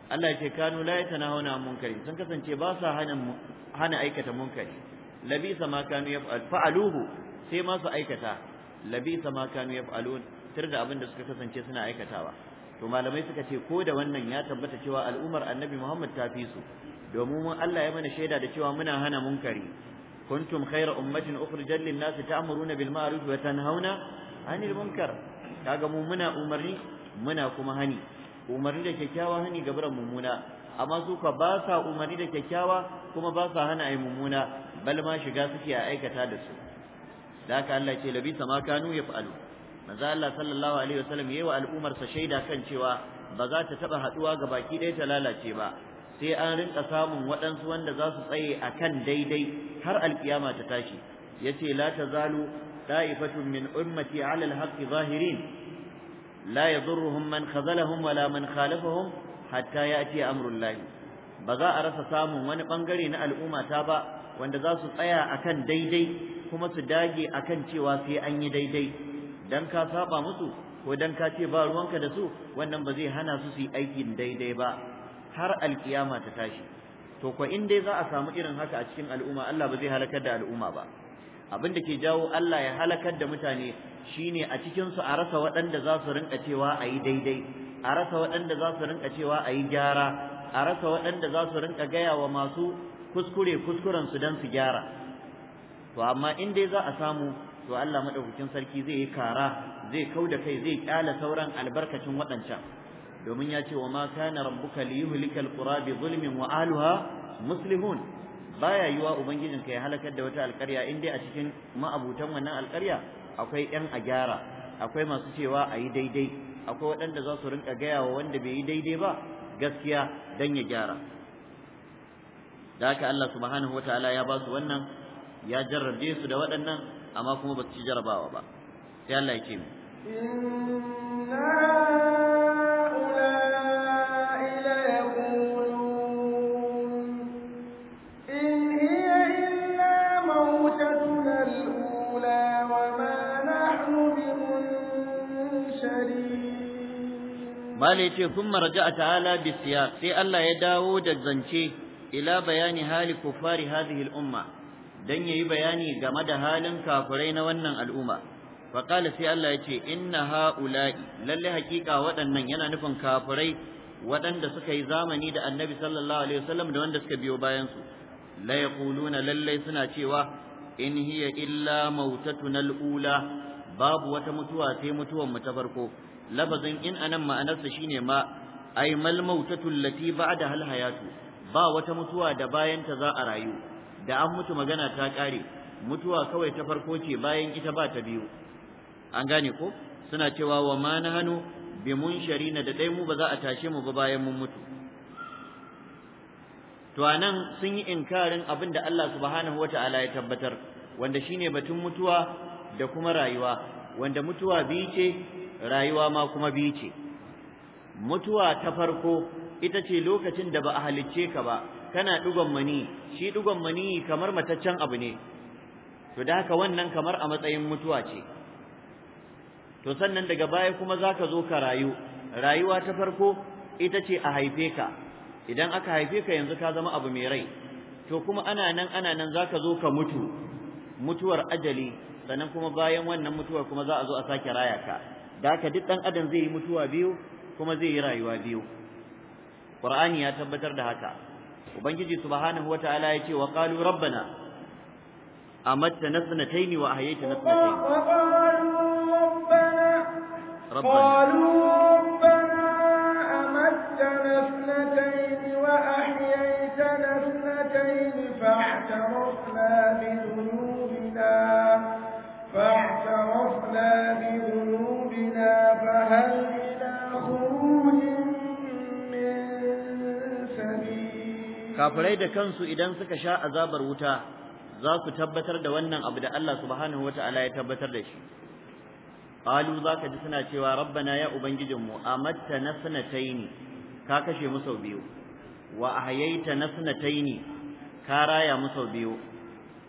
Allah ce kanu la yatanahuna an munkari sun kasance ba sa hana hana aikata munkari labisa ma kanu yaf'aluhu sai ma su aikata labisa ma kanu ya tir da abin da suka kasance suna aikatawa to malamai suka ce ko da wannan ya tabbata cewa al'ummar annabi Muhammad ta fi su domin mun Allah ya mana shaida da cewa muna hana munkari kuntum khayra ummatin ukhrijat lin-nasi ta'muruna bil ma'ruf wa tanhauna anil munkar kaga mu muna umarni muna kuma hani umarni da kyakkyawa hani ga gaburan mummuna amma su ka ba sa umarni da kyakkyawa kuma ba sa hana ai mummuna bal ma shiga suke a aikata da su da haka Allah ce labi sama kanu fa'alu manzo Allah sallallahu alaihi wasallam yayi wa al'ummar sa shaida kan cewa ba za ta taba haduwa ga baki ɗaya ta lalace ba sai an rinka samun waɗansu wanda za su tsaye akan daidai har alkiyama ta tashi yace la tazalu طائفة من أمتي على الحق ظاهرين لا يضرهم من خذلهم ولا من خالفهم حتى يأتي أمر الله بغاء رسا سامو wani bangare na al'umma ta ba wanda za su tsaya akan daidai kuma su dage akan cewa sai an yi daidai dan ka saba musu ko dan ka ce ba ruwanka da su wannan ba zai hana su su yi aikin daidai ba har alkiyama ta tashi to ko in dai za a samu irin haka a cikin al'umma Allah ba zai halakar da al'umma ba abin da ke jawo Allah ya halakar da mutane shine a cikinsu a rasa waɗanda za su rinka cewa a yi daidai a rasa waɗanda za su rinka cewa a yi gyara a rasa waɗanda za su rinka gaya wa masu kuskure kuskurensu su don su gyara to amma in dai za a samu to Allah madaukakin sarki zai yi kara zai kau da kai zai ƙyala sauran albarkacin waɗancan domin ya ce wa ma kana rabbuka liyuhlikal qura bi zulmin wa ahliha muslimun baya yiwa ka ya halakar da wata alƙarya in dai a cikin ma'abutan wannan alƙarya akwai ƴan a gyara akwai masu cewa a yi daidai akwai waɗanda za su rinka gaya wa wanda bai yi daidai ba gaskiya dan ya gyara da haka Allah subhanahu wataala ya ba su wannan ya jarrabe su da waɗannan amma kuma ba su ci jarabawa ba sai Allah ya ce mala yace thumma a ta'ala Bisiya, sai Allah ya dawo da zance ila bayani hali kuffari hadhihi al-umma dan yayi bayani game da halin kafirai na wannan al'umma fa qala sai Allah yace inna haula'i lalle hakika waɗannan yana nufin kafirai waɗanda suka yi zamani da Annabi sallallahu alaihi wasallam da wanda suka biyo bayan su la yaquluna lalle suna cewa in hiya illa mautatuna al babu wata mutuwa sai mutuwan mu ta farko labazin in anan ma'anarsa shine ma ai mal mautatu allati ba'da hal hayatu ba wata mutuwa da bayan ta za a rayu da an mutu magana ta kare mutuwa kawai ta farko ce bayan ita ba ta biyu an gane ko suna cewa wa ma nahanu bi munsharina da dai mu ba za a tashe mu ba bayan mun mutu to anan sun yi inkarin abin da Allah subhanahu wataala ya tabbatar wanda shine batun mutuwa da kuma rayuwa wanda mutuwa biyu ce rayuwa ma kuma biyu ce mutuwa ta farko ita ce lokacin da ba a halicce ka ba kana dugon mani shi dugon mani kamar mataccen abu ne to da haka wannan kamar a matsayin mutuwa ce to sannan daga baya kuma zaka zo ka rayu rayuwa ta farko ita ce a haife ka idan aka haife ka yanzu ka zama abu mai rai to kuma ana nan ana nan zaka zo ka mutu mutuwar ajali sannan kuma bayan wannan mutuwar kuma za a zo a sake raya ka da haka duk ɗan adam zai yi mutuwa biyu kuma zai yi rayuwa biyu qur'ani ya tabbatar da haka ubangiji subhanahu wataala ya ce wa qalu rabbana amatta nasnataini wa ahyaytana nasnataini qalu rabbana amattana sanataini wa ahyaytana sanataini fa'tarafna bi dhunubina fa kafirai da kansu idan suka sha azabar wuta za su tabbatar da wannan abu da Allah subhanahu ta'ala ya tabbatar da shi qalu ka ji suna cewa rabbana ya ubangijinmu amatta nasnataini ka kashe mu sau biyu wa ahyaita nasnataini ka raya mu sau biyu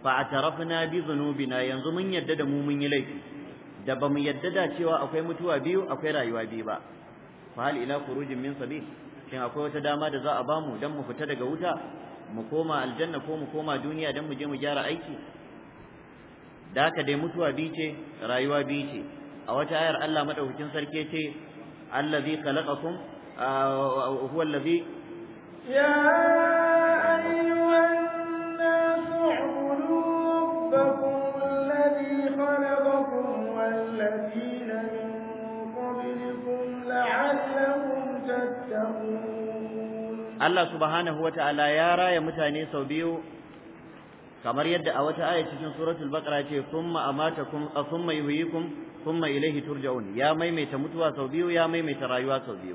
fa atarafna bi dhunubina yanzu mun yadda da mu mun yi laifi da ba mu yadda da cewa akwai mutuwa biyu akwai rayuwa biyu ba fa hal ila khurujin min sabil shin akwai wata dama da za a ba mu dan mu fita daga wuta mu koma aljanna ko mu koma duniya dan mu je mu gyara aiki da haka dai mutuwa biyu ce rayuwa biyu ce a wata ayar Allah madaukakin sarki ce allazi khalaqakum huwa allazi ya ayyuhan nas ubudu rabbakum khalaqakum الذين من قبلكم لعلهم تتقون الله سبحانه وتعالى يا راي متاني بيو kamar yadda a wata aya cikin suratul baqara ce thumma amatakum thumma yuhyikum thumma ilayhi turja'un ya maimaita mutuwa sau biyu ya maimaita rayuwa sau biyu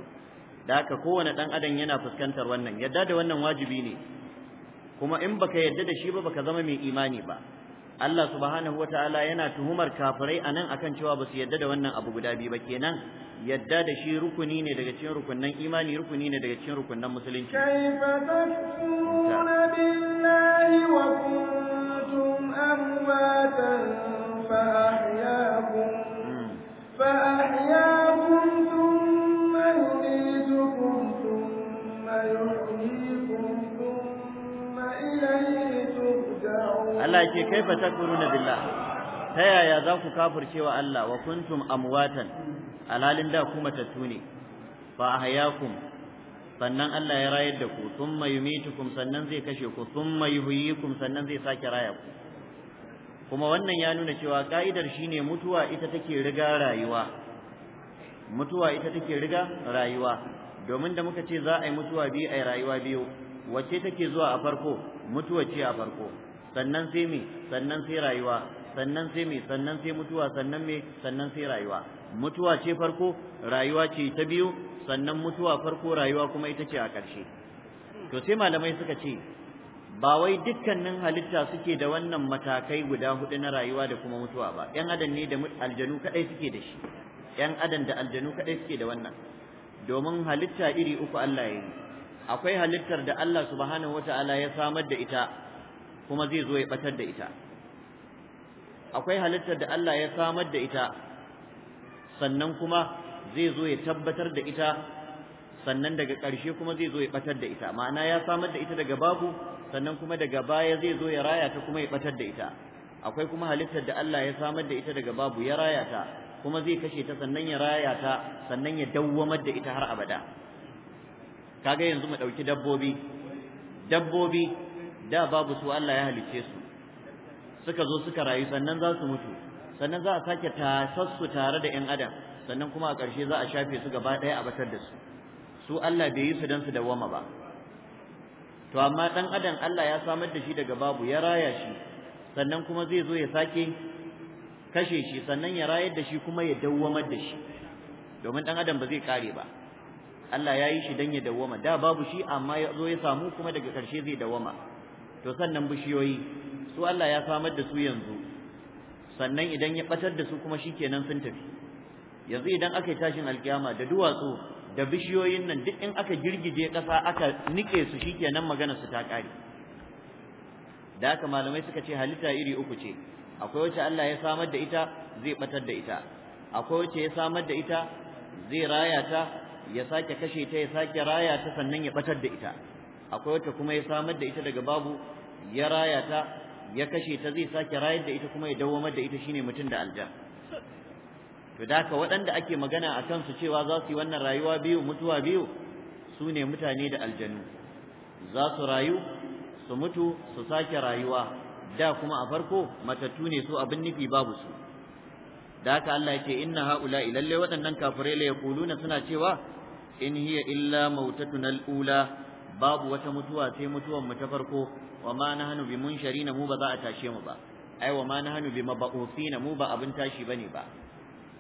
da haka kowane dan adam yana fuskantar wannan yadda da wannan wajibi ne kuma in baka yadda da shi ba baka zama mai imani ba Allah subhanahu wataala yana tuhumar kafirai anan akan cewa ba su yadda da wannan abu guda biyu ba kenan yadda da shi rukuni ne daga cikin rukunnan imani rukuni ne daga cikin rukunnan musulunci kaifa takfuruna billahi wa kuntum amwatan fa ahyaakum hmm. fa ahyaakum Allah yake kaifa na billah ta yaya za ku wa Allah wa kuntum amwatan alalin da kuma tattu ne fa ahyakum sannan Allah ya rayar da ku thumma yumitukum sannan zai kashe ku thumma yuhyikum sannan zai sake raya ku kuma wannan ya nuna cewa ka'idar shine mutuwa ita take riga rayuwa mutuwa ita take riga rayuwa domin da muka ce za a yi mutuwa biyu a yi rayuwa biyu wacce take zuwa a farko mutuwa ce a farko sannan sai me sannan sai rayuwa sannan sai me sannan sai mutuwa sannan me sannan sai rayuwa mutuwa ce farko rayuwa ce ta biyu sannan mutuwa farko rayuwa kuma ita ce a ƙarshe to sai malamai suka ce ba wai dukkanin halitta suke da wannan matakai guda hudu na rayuwa da kuma mutuwa ba yan adam ne da aljanu kadai suke da shi yan adam da aljanu kadai suke da wannan domin halitta iri uku Allah ya yi akwai halittar da Allah subhanahu wataala ya samar da ita kuma zai zo ya batar da ita akwai halittar da Allah ya samar da ita sannan kuma zai zo ya tabbatar da ita sannan daga ƙarshe kuma zai zo ya batar da ita ma'ana ya samar da ita daga babu sannan kuma daga baya zai zo ya raya ta kuma ya batar da ita akwai kuma halittar da Allah ya samar da ita daga babu ya raya ta kuma zai kashe ta sannan ya raya ta sannan ya dawwamar da ita har abada kaga yanzu mu ɗauki dabbobi dabbobi da babu su Allah ya halice su suka zo suka rayu sannan za su mutu sannan za a sake tasassu tare da 'yan adam sannan kuma a ƙarshe za a shafe su gaba ɗaya a batar da su su Allah bai yi su don su dawwama ba to amma ɗan adam Allah ya samar da shi daga babu ya raya shi sannan kuma zai zo ya sake kashe shi sannan ya rayar da shi kuma ya dawwamar da shi domin ɗan adam ba zai kare ba Allah ya yi shi dan ya dawwama da babu shi amma ya zo ya samu kuma daga ƙarshe zai dawwama to sannan bishiyoyi su Allah ya samar da su yanzu sannan idan ya batar da su kuma shikenan sun tafi yanzu idan aka yi tashin alkiyama da duwatsu da bishiyoyin nan duk in aka girgije ƙasa aka nike su shikenan magana su ta ƙare da haka malamai suka ce halitta iri uku ce akwai wacce Allah ya samar da ita zai batar da ita akwai wacce ya samar da ita zai raya ta ya sake kashe ta ya sake raya ta sannan ya batar da ita akwai wacce kuma ya samar da ita daga babu ya raya ta ya kashe ta zai sake rayar da ita kuma ya dawo da ita shine mutum da aljan to da haka waɗanda ake magana a kansu cewa za su yi wannan rayuwa biyu mutuwa biyu su ne mutane da aljanu za su rayu su mutu su sake rayuwa da kuma a farko matattu ne su abin nufi babu su da haka Allah ya ce inna haula lalle waɗannan kafirai la yaquluna suna cewa in hiya illa mautatuna al-ula babu wata mutuwa sai mutuwan mu ta farko wa ma nahnu bi munsharina mu ba za a tashe mu ba ai wa ma nahnu bi mab'uthina mu ba abin tashi bane ba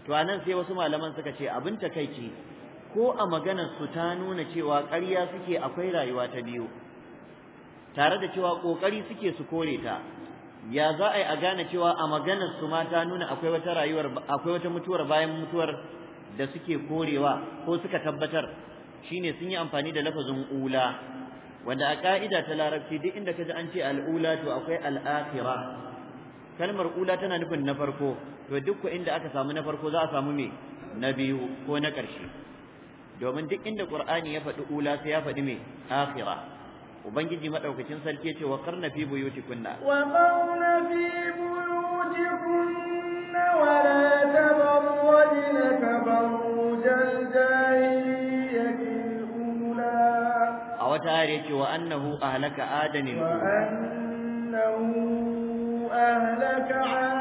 to anan sai wasu malaman suka ce abin takeici ko a maganar su ta nuna cewa ƙarya suke akwai rayuwa ta biyu tare da cewa kokari suke su kore ta ya za a yi a gane cewa a maganar su ma ta nuna akwai wata rayuwar akwai wata mutuwar bayan mutuwar da suke korewa ko suka tabbatar shine sun yi amfani da lafazin ula wanda a ka'ida ta larabci duk inda kaji an ce al'ula to akwai al'akhira kalmar ula tana nufin na farko to duk inda aka samu na farko za a samu me na biyu ko na ƙarshe domin duk inda qur'ani ya faɗi ula sai ya faɗi me akhira ubangiji madaukakin sarki yace wa qarna fi buyutikunna wa qarna fi buyutikunna wa la tabarrajna tabarrujal jahiliyyah wata ayar ce wa annahu ahlaka adan wa annahu ahlaka a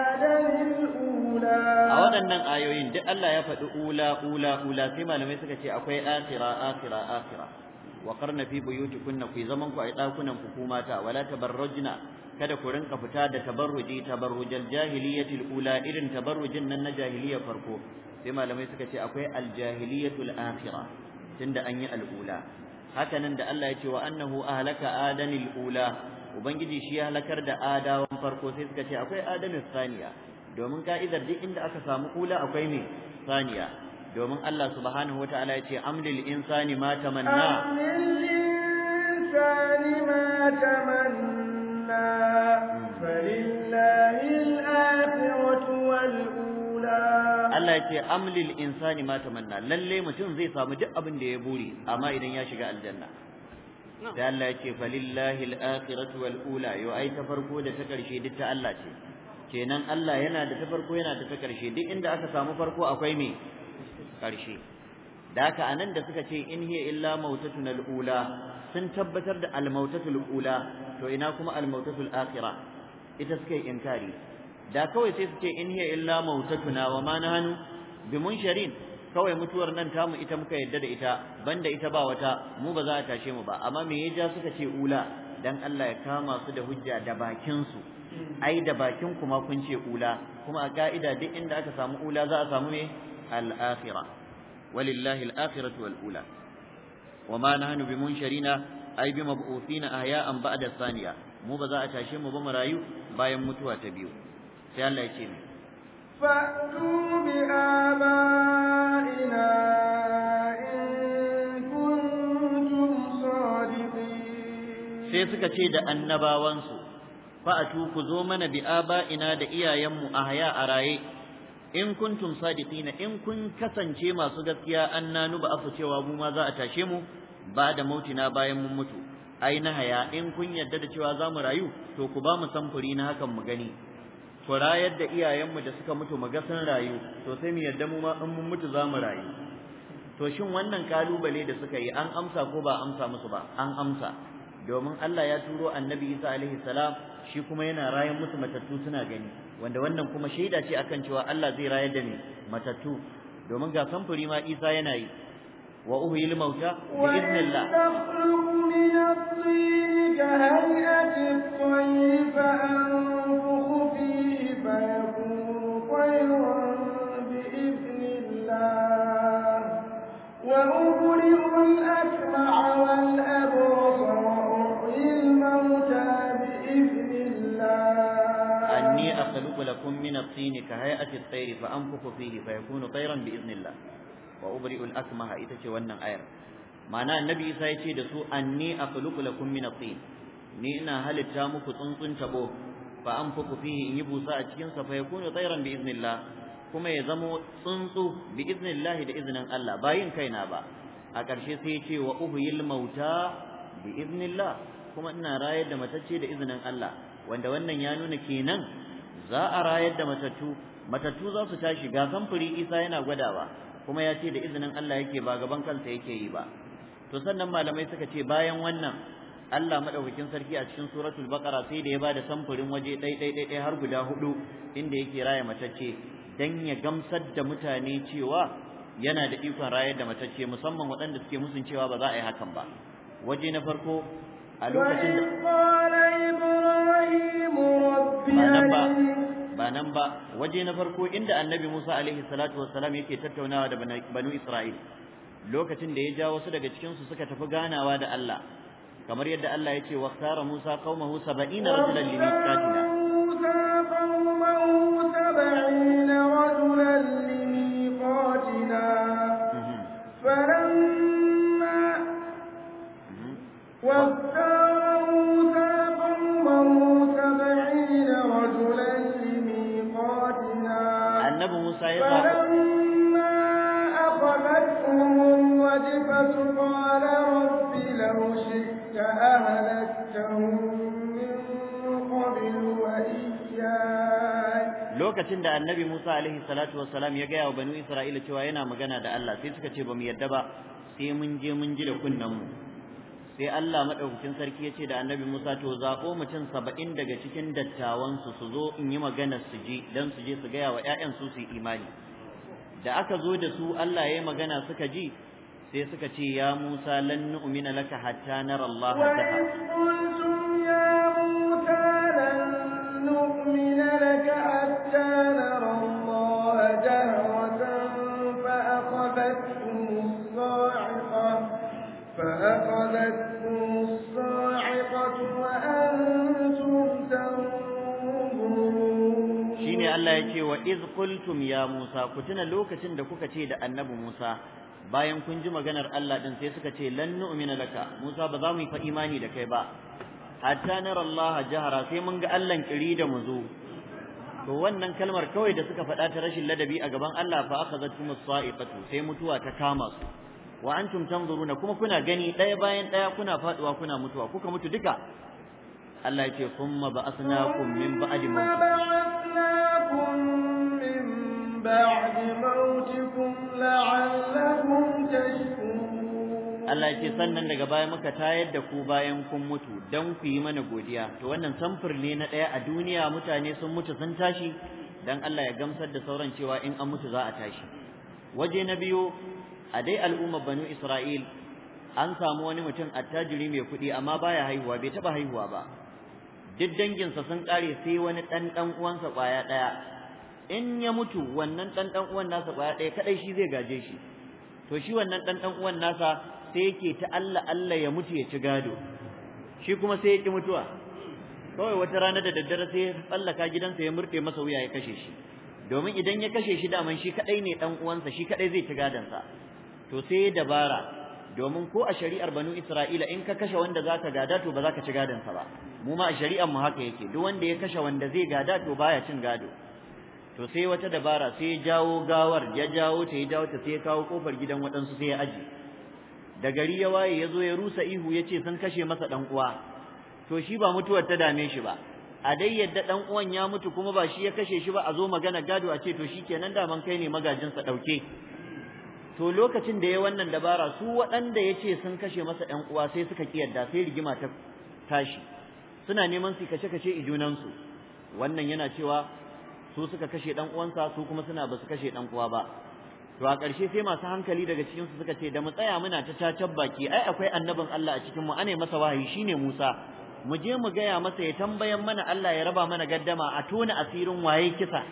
waɗannan ayoyin duk Allah ya faɗi ula ula ula sai malamai suka ce akwai akhira akhira akhira wa qarna fi buyutikunna ku zaman ku a dakunan ku kuma ta wala tabarrujna kada ku rinka fita da tabarruji tabarrujal jahiliyatil ula irin tabarrujin nan na jahiliya farko sai malamai suka ce akwai aljahiliyatul akhira tunda an yi al'ula haka nan da Allah ya ce wa annahu ahlaka adanil ula ubangiji shi ya halakar da adawan farko sai suka ce akwai adanin saniya domin ka'idar duk inda aka samu ula akwai ne saniya domin Allah subhanahu Ta'ala ya ce amlil insani ma tamanna amlil insani ma tamanna hmm. falillahi al-akhiratu wal Allah ya ce amlil insani ma tamanna lalle mutum zai samu duk abin da ya buri amma idan ya shiga aljanna da Allah ya ce falillahi al-akhiratu wal ula yo ai ta farko da ta karshe duk ta Allah ce kenan Allah yana da ta farko yana da ta karshe duk inda aka samu farko akwai me karshe da haka anan da suka ce in hiya illa mautatuna al-ula sun tabbatar da al-mautatul ula to ina kuma al-mautatul akhirah ita suka yi inkari da kawai sai su ce in hiya illa mautatuna wa ma nahnu bimunsharin kawai mutuwar nan tamu ita muka yadda da ita banda ita ba wata mu ba za a tashe mu ba amma me ya ja suka ce ula dan Allah ya kama su da hujja da bakin su ai da bakin kuma kun ce ula kuma a ka'ida duk inda aka samu ula za a samu ne al-akhirah a الآخرة والأولى وما نحن mu أي بمبعوثين أحياء بعد الثانية مو بذا أتاشم bayan mutuwa ta biyu. sai Allah ya bi sai suka ce da annabawansu fa'atu ku zo mana bi ina da iyayenmu a haya a raye in kuntum sadiqina in kun kasance masu gaskiya annanu ba afu cewa mu ma za a tashe mu ba da mautina bayan mun mutu ai na haya in kun yarda da cewa za mu rayu to ku ba mu samfuri na hakan mu gani ku rayar da iyayenmu da suka mutu mu ga sun rayu to sai mu yadda mu ma in mun mutu za mu rayu to shin wannan kalubale da suka yi an amsa ko ba amsa musu ba an amsa domin Allah ya turo annabi Isa alaihi salam shi kuma yana rayar musu matattu suna gani wanda wannan kuma shaida ce akan cewa Allah zai rayar da ni matattu domin ga samfuri ma Isa yana yi wa uhyil mauta bi idnillah min at-tin ka أسمع والأبرص وأحيي الموتى بإذن الله أني أخلق لكم من الطين كهيئة الطير فأنفخ فيه فيكون طيرا بإذن الله وأبرئ الأكمه إذا شوانا آير معنى النبي سيشي دسو أني أخلق لكم من الطين ni ina halitta muku tsuntsun tabo fa an fuku fihi in yi busa a cikin sa fa yakunu tayran bi iznillah kuma ya zamo tsuntsu bi iznillah da iznin Allah ba yin kaina ba a ƙarshe sai ya ce wa mauta bi iznillah kuma ina rayar da matacce da izinin Allah wanda wannan ya nuna kenan za a rayar da matattu matattu za su tashi ga samfuri Isa yana gwadawa kuma ya ce da izinin Allah yake ba gaban kansa yake yi ba to sannan malamai suka ce bayan wannan Allah madaukakin sarki a cikin suratul baqara sai da ya bada samfurin waje ɗai ɗai ɗai har guda hudu inda yake raya matacce dan ya gamsar da mutane cewa yana da ikon rayar da matacce musamman waɗanda suke musun cewa ba za a yi hakan ba waje na farko a lokacin da ba nan ba waje na farko inda annabi Musa alaihi salatu wassalam yake tattaunawa da banu Isra'il lokacin da ya ja wasu daga cikinsu suka tafi ganawa da Allah kamar yadda Allah ya ce waqtara Musa qaumahu 70 rajulan limiqatina Musa qaumahu 70 فلما واختار موسى قومه سبعين رجلا لميقاتنا النبي موسى فلما أخذتهم الوجفة قال رب لو شئت أهلك lokacin da annabi Musa alaihi salatu wassalam ya gaya wa banu Isra'ila cewa yana magana da Allah sai suka ce ba mu yadda ba sai mun je mun ji da kunnenmu sai Allah madaukakin sarki ya ce da annabi Musa to zaɓo mutum saba'in daga cikin dattawansu su zo in yi magana su ji don su je su gaya wa 'ya'yan su su yi imani da aka zo da su Allah ya yi magana suka ji sai suka ce ya Musa lan nu'mina laka hatta nara Allah ya ce wa iz ya Musa ku tuna lokacin da kuka ce da annabi Musa bayan kun ji maganar Allah din sai suka ce lan nu'mina laka Musa ba za mu yi fa imani da kai ba hatta nara Allah jahara sai mun ga Allah kiri da mu zo to wannan kalmar kawai da suka faɗa ta rashin ladabi a gaban Allah fa akhadhatum as-sa'iqatu sai mutuwa ta kama su wa antum tanzuruna kuma kuna gani ɗaya bayan ɗaya kuna faduwa kuna mutuwa kuka mutu duka Allah yake kuma ba min ba'di min ba'di Allah yake sannan daga baya muka tayar da ku bayan kun mutu dan ku yi mana godiya to wannan samfur ne na daya a duniya mutane sun mutu sun tashi dan Allah ya gamsar da sauran cewa in an mutu za a tashi waje na biyo, a dai al'ummar banu Isra'il an samu wani mutum attajiri mai kuɗi amma baya haihuwa bai taba haihuwa ba duk danginsa sun kare sai wani ɗan ɗan uwansa ƙwaya ɗaya in ya mutu wannan ɗan ɗan uwan nasa ƙwaya ɗaya kaɗai shi zai gaje shi to shi wannan ɗan ɗan uwan nasa sai yake ta Allah Allah ya mutu ya ci gado shi kuma sai ya ƙi mutuwa kawai wata rana da daddare sai ya tsallaka gidansa ya murɗe masa wuya ya kashe shi domin idan ya kashe shi daman shi kaɗai ne ɗan uwansa shi kaɗai zai ci gadonsa to sai dabara domin ko a shari'ar banu isra'ila in ka kashe wanda za ka gada to ba za ka ci gadonsa ba mu ma a shari'ar mu haka yake duk wanda ya kashe wanda zai gada to baya cin gado to sai wata dabara sai ya jawo gawar ya jawo ta ya jawo ta sai ya kawo kofar gidan waɗansu sai ya aji da gari ya waye ya zo ya rusa ihu ya ce sun kashe masa ɗan uwa to shi ba mutuwar ta dame shi ba a dai yadda ɗan uwan ya mutu kuma ba shi ya kashe shi ba a zo magana gado a ce to shi kenan daman kai ne magajinsa ɗauke to lokacin da ya wannan dabara su waɗanda ya ce sun kashe masa ‘yan uwa sai suka kiyarda sai rigima ta tashi suna neman su kashe kashe ijunansu wannan yana cewa su suka kashe ɗan uwansa su kuma suna ba su kashe ɗan uwa ba to a ƙarshe sai masu hankali daga cikin su suka ce da mu tsaya muna ta cacan baki ai akwai annabin Allah a cikin mu ane masa wahayi shine Musa mu je mu gaya masa ya tambayan mana Allah ya raba mana gaddama a tona asirin waye kisa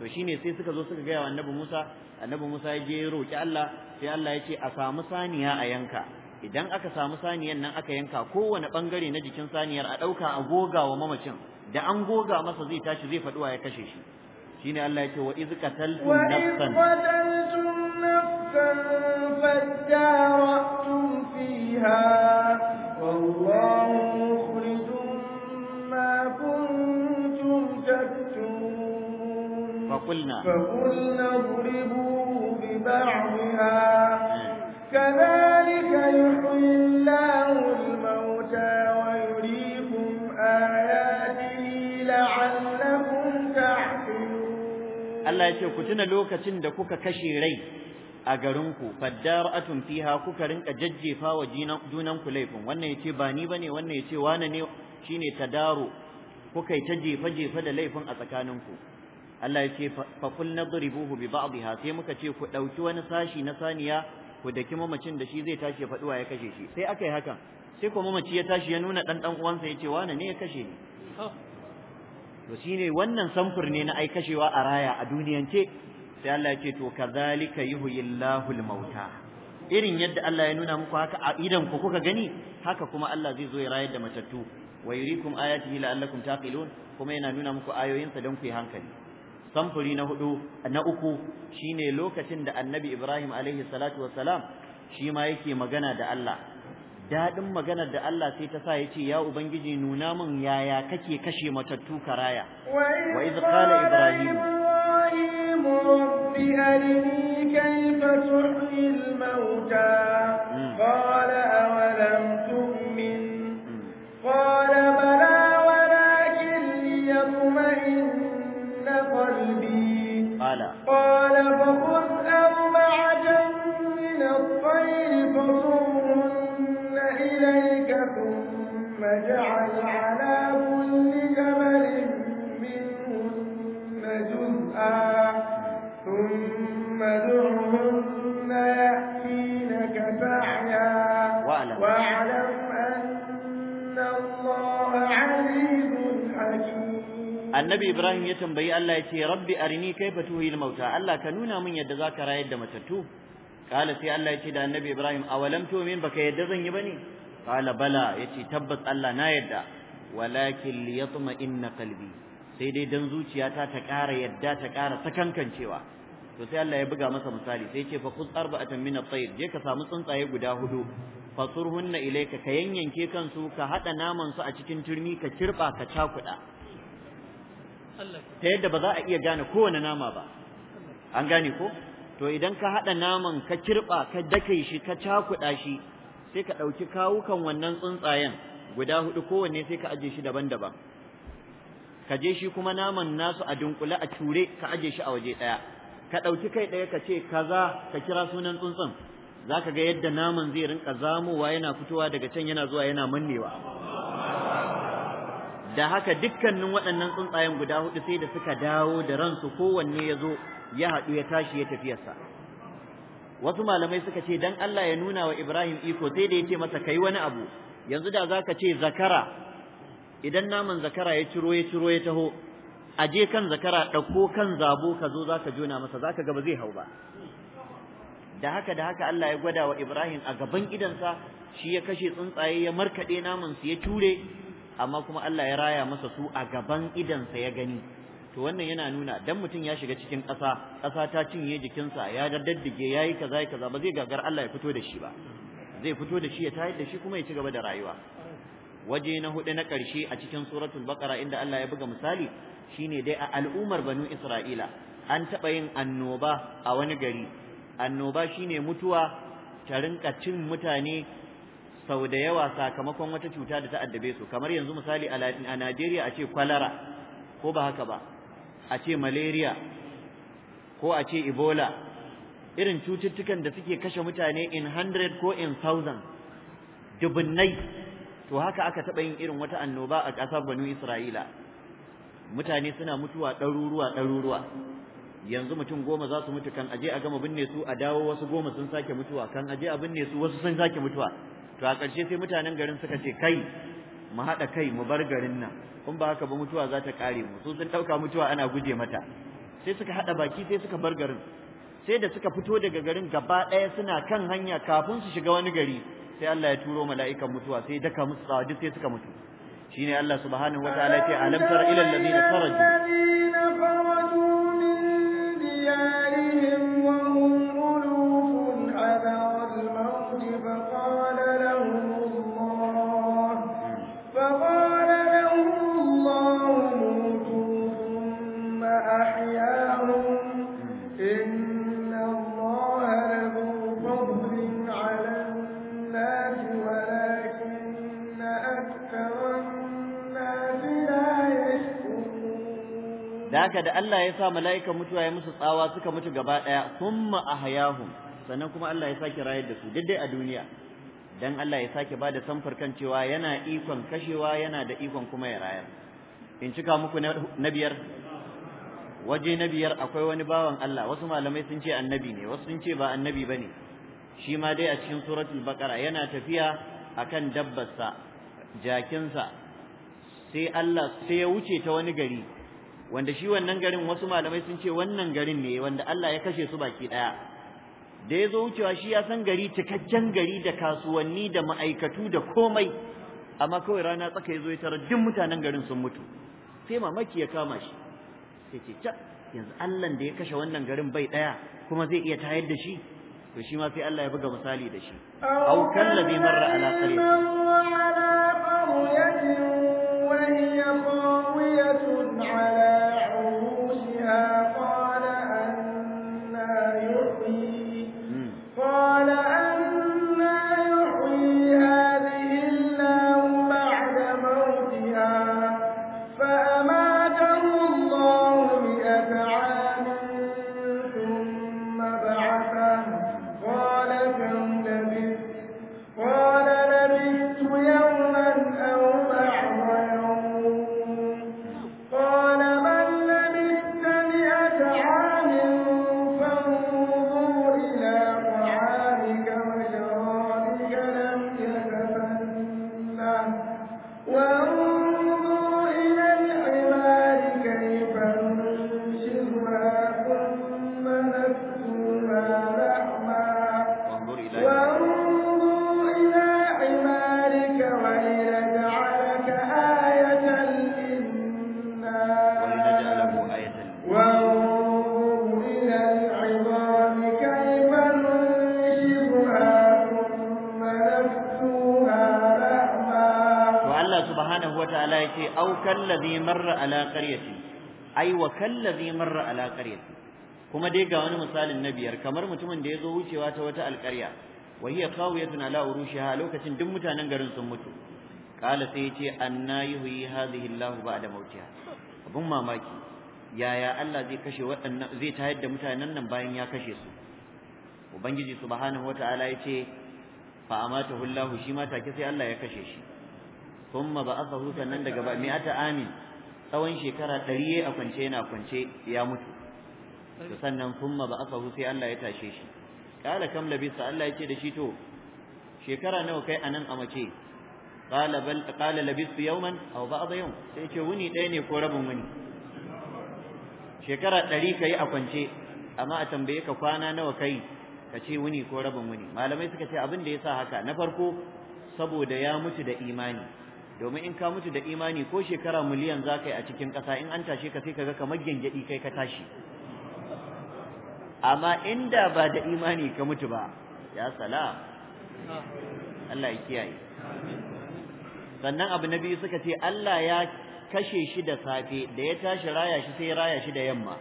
to shine sai suka zo suka gaya wa annabi Musa annabi Musa ya je ya roki Allah sai Allah ya ce a samu saniya a yanka idan aka samu saniyan nan aka yanka kowane bangare na jikin saniyar a ɗauka a goga wa mamacin da an goga masa zai tashi zai faduwa ya kashe shi shine Allah ya ce wa iz qataltum nafsan wa qataltum nafsan fiha wallahu mukhrijum ma kuntum فقلنا فقلنا اضربوه ببعضها كذلك يحيي الله الموتى ويريكم آياته لعلكم تعقلون الله يقول كتنا لوكتن دكوك كشي ري a garinku faddara'atun fiha kuka rinka jajjefa wa junan ku laifin wannan yace ba ni bane wannan yace wane ne shine tadaro kuka yi ta jefa jefa da laifin a tsakaninku Allah ya ce fa kul nadribuhu bi ba'dha sai muka ce ku dauki wani sashi na saniya ku daki mamacin da shi zai tashi ya faduwa ya kashe shi sai aka yi hakan sai kuma mamaci ya tashi ya nuna dan dan uwansa ya ce wane ne ya kashe ni to shine wannan samfur ne na ai kashewa a raya a duniyance sai Allah ya ce to kadhalika yuhyillahu al-mauta irin yadda Allah ya nuna muku haka a idan ku kuka gani haka kuma Allah zai zo ya rayar da matattu wa yurikum ayatihi la'allakum taqilun kuma yana nuna muku ayoyinsa don ku yi hankali samfuri na hudu na uku shine lokacin da annabi ibrahim alaihi salatu wassalam shi ma yake magana da Allah daɗin maganar da Allah sai ta sa ya ce ya ubangiji nuna min yaya kake kashe matattu karaya wa iz qala ibrahim annabi Ibrahim ya tambayi Allah ya ce rabbi arini kaifa tuhil mauta Allah ka nuna min yadda zaka rayar da matattu kala sai Allah ya ce da annabi Ibrahim awalam tu'min baka yadda zan yi bane kala bala yace tabbas Allah na yadda walakin liyatma inna qalbi sai dai dan zuciyata ta ƙara yadda ta ƙara sakankancewa to sai Allah ya buga masa misali sai ya ce fa khudh arba'atan min at-tayr je ka samu tsuntsaye guda hudu fasurhunna ilayka ka yanyanke kansu ka hada naman su a cikin turmi ka kirba ka cakuda ta yadda ba za a iya gane kowane nama ba an gane ko to idan ka haɗa naman ka kirɓa ka dake shi ka cakuɗa shi sai ka ɗauki kawukan wannan tsuntsayen guda hudu kowanne sai ka aje shi daban-daban ka je shi kuma naman nasu a dunkule a ture ka aje shi a waje ɗaya ka ɗauki kai ɗaya ka ce kaza ka kira sunan tsuntsun za ka ga yadda naman zai rinka zamowa yana fitowa daga can yana zuwa yana mannewa da haka dukkanin waɗannan tsuntsayen guda hudu sai da suka dawo da ransu kowanne ya zo ya haɗu ya tashi ya tafiyarsa wasu malamai suka ce dan Allah ya nuna wa Ibrahim iko sai da ya ce masa kai wani abu yanzu da zaka ce zakara idan naman zakara ya ciro ya ciro ya taho aje kan zakara ɗauko kan zabo ka zo zaka jona masa zaka ga ba zai hau ba da haka da haka Allah ya gwada wa Ibrahim a gaban idansa shi ya kashe tsuntsaye ya markaɗe naman su ya ture. amma kuma Allah ya raya masa su a gaban idansa ya gani to wannan yana nuna dan mutum ya shiga cikin ƙasa ƙasa ta cinye jikinsa ya daddige yayi yi kaza kaza ba zai gagar Allah ya fito da shi ba zai fito da shi ya tayar da shi kuma ya ci gaba da rayuwa waje na hudu na ƙarshe a cikin suratul baqara inda Allah ya buga misali shine dai a al'ummar banu isra'ila an taɓa yin annoba a wani gari annoba shine mutuwa ta rinka cin mutane sau da yawa sakamakon wata cuta da ta addabe su kamar yanzu misali a Najeriya a ce kwalara ko ba haka ba a ce malaria ko a ce ebola irin cututtukan da suke kashe mutane in hundred ko in thousand dubunai to haka aka taɓa yin irin wata annoba a ƙasar banu isra'ila mutane suna mutuwa ɗaruruwa ɗaruruwa yanzu mutum goma za su mutu kan aje a gama binne su a dawo wasu goma sun sake mutuwa kan aje a binne su wasu sun sake mutuwa to a ƙarshe sai mutanen garin suka ce kai mu haɗa kai mu bar garin nan kun ba haka ba mutuwa za ta ƙare mu sun ɗauka mutuwa ana guje mata sai suka haɗa baki sai suka bar garin sai da suka fito daga garin gaba ɗaya suna kan hanya kafin su shiga wani gari sai Allah ya turo mala'ikan mutuwa sai daka musu tsawa duk sai suka mutu shine Allah subhanahu wataala ya ce alam tara ila alladhina kharaju haka da Allah ya sa mala'ikan mutuwa ya musu tsawa suka mutu gaba ɗaya a hayahun, sannan kuma Allah ya sake rayar da su daidai a duniya don Allah ya sake ba da samfar kan cewa yana ikon kashewa yana da ikon kuma ya rayar in cika muku na biyar waje na biyar akwai wani bawan Allah wasu malamai sun ce annabi ne wasu sun ce ba annabi ba ne. shi ma dai a cikin suratul baƙara, yana tafiya akan dabbarsa jakinsa sai Allah sai ya wuce ta wani gari wanda shi wannan garin wasu malamai sun ce wannan garin ne wanda Allah ya kashe su baki daya da ya zo wucewa shi ya san gari cikakken gari da kasuwanni da ma'aikatu da komai amma kawai rana tsaka ya zo ya tara duk mutanen garin sun mutu sai mamaki ya kama shi sai ce ta yanzu Allah da ya kashe wannan garin bai daya kuma zai iya tayar da shi to shi ma sai Allah ya buga misali da shi au kallabi marra ala qaryatin وهي خاوية على عروشها marra ala qaryati ai wa kuma dai ga wani misalin na biyar kamar mutumin da ya zo wucewa ta wata alƙarya wa hiya qawiyatun ala urushiha lokacin duk mutanen garin sun mutu qala sai yace anna yuhyi hadhihi Allah ba'da mautiha abun mamaki yaya Allah zai kashe waɗannan tayar da mutanen nan bayan ya kashe su ubangiji subhanahu wata'ala yace fa amatahu Allah shi ma take sai Allah ya kashe shi thumma ba'athahu sannan daga ba mi'ata amin tsawon shekara ɗari ya a kwance yana kwance ya mutu to sannan kuma ba aka sai Allah ya tashe shi kala kam labisa Allah ya ce da shi to shekara nawa kai anan a mace kala bal qala labistu yawman aw ba'd yawm sai ce wuni ɗaya ne ko rabin wuni shekara ɗari kai a kwance amma a tambaye ka kwana nawa kai ka ce wuni ko rabin wuni malamai suka ce abin da yasa haka na farko saboda ya mutu da imani domin in ka mutu da imani ko shekara miliyan za ka yi a cikin ƙasa in an tashe ka sai ka ga kamar gyangyaɗi kai ka tashi amma inda ba da imani ka mutu ba ya salam Allah ya kiyaye sannan abu na biyu suka ce Allah ya kashe shi da safe da ya tashi raya shi sai raya shi da yamma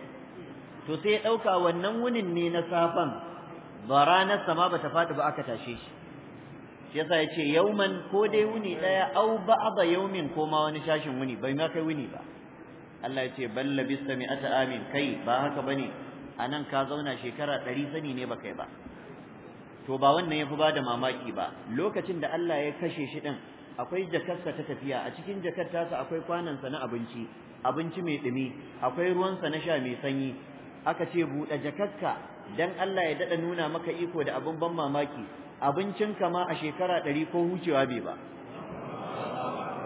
to sai ya ɗauka wannan wunin ne na safen ba ranar sama ba ta faɗi ba aka tashe shi shi yasa ce yauman ko dai wuni ɗaya au ba ba yaumin ko ma wani shashin wuni bai ma kai wuni ba Allah ya yace bal labista mi'ata amin kai ba haka bane anan ka zauna shekara 100 sani ne ba kai ba to ba wannan yafi da mamaki ba lokacin da Allah ya kashe shi din akwai jakarsa ta tafiya a cikin jakar tasa akwai kwanansa na abinci abinci mai dumi akwai ruwansa na sha mai sanyi aka ce buɗe jakarka dan Allah ya daɗa nuna maka iko da abin ban mamaki abincin ka ma a shekara ɗari ko hucewa bai ba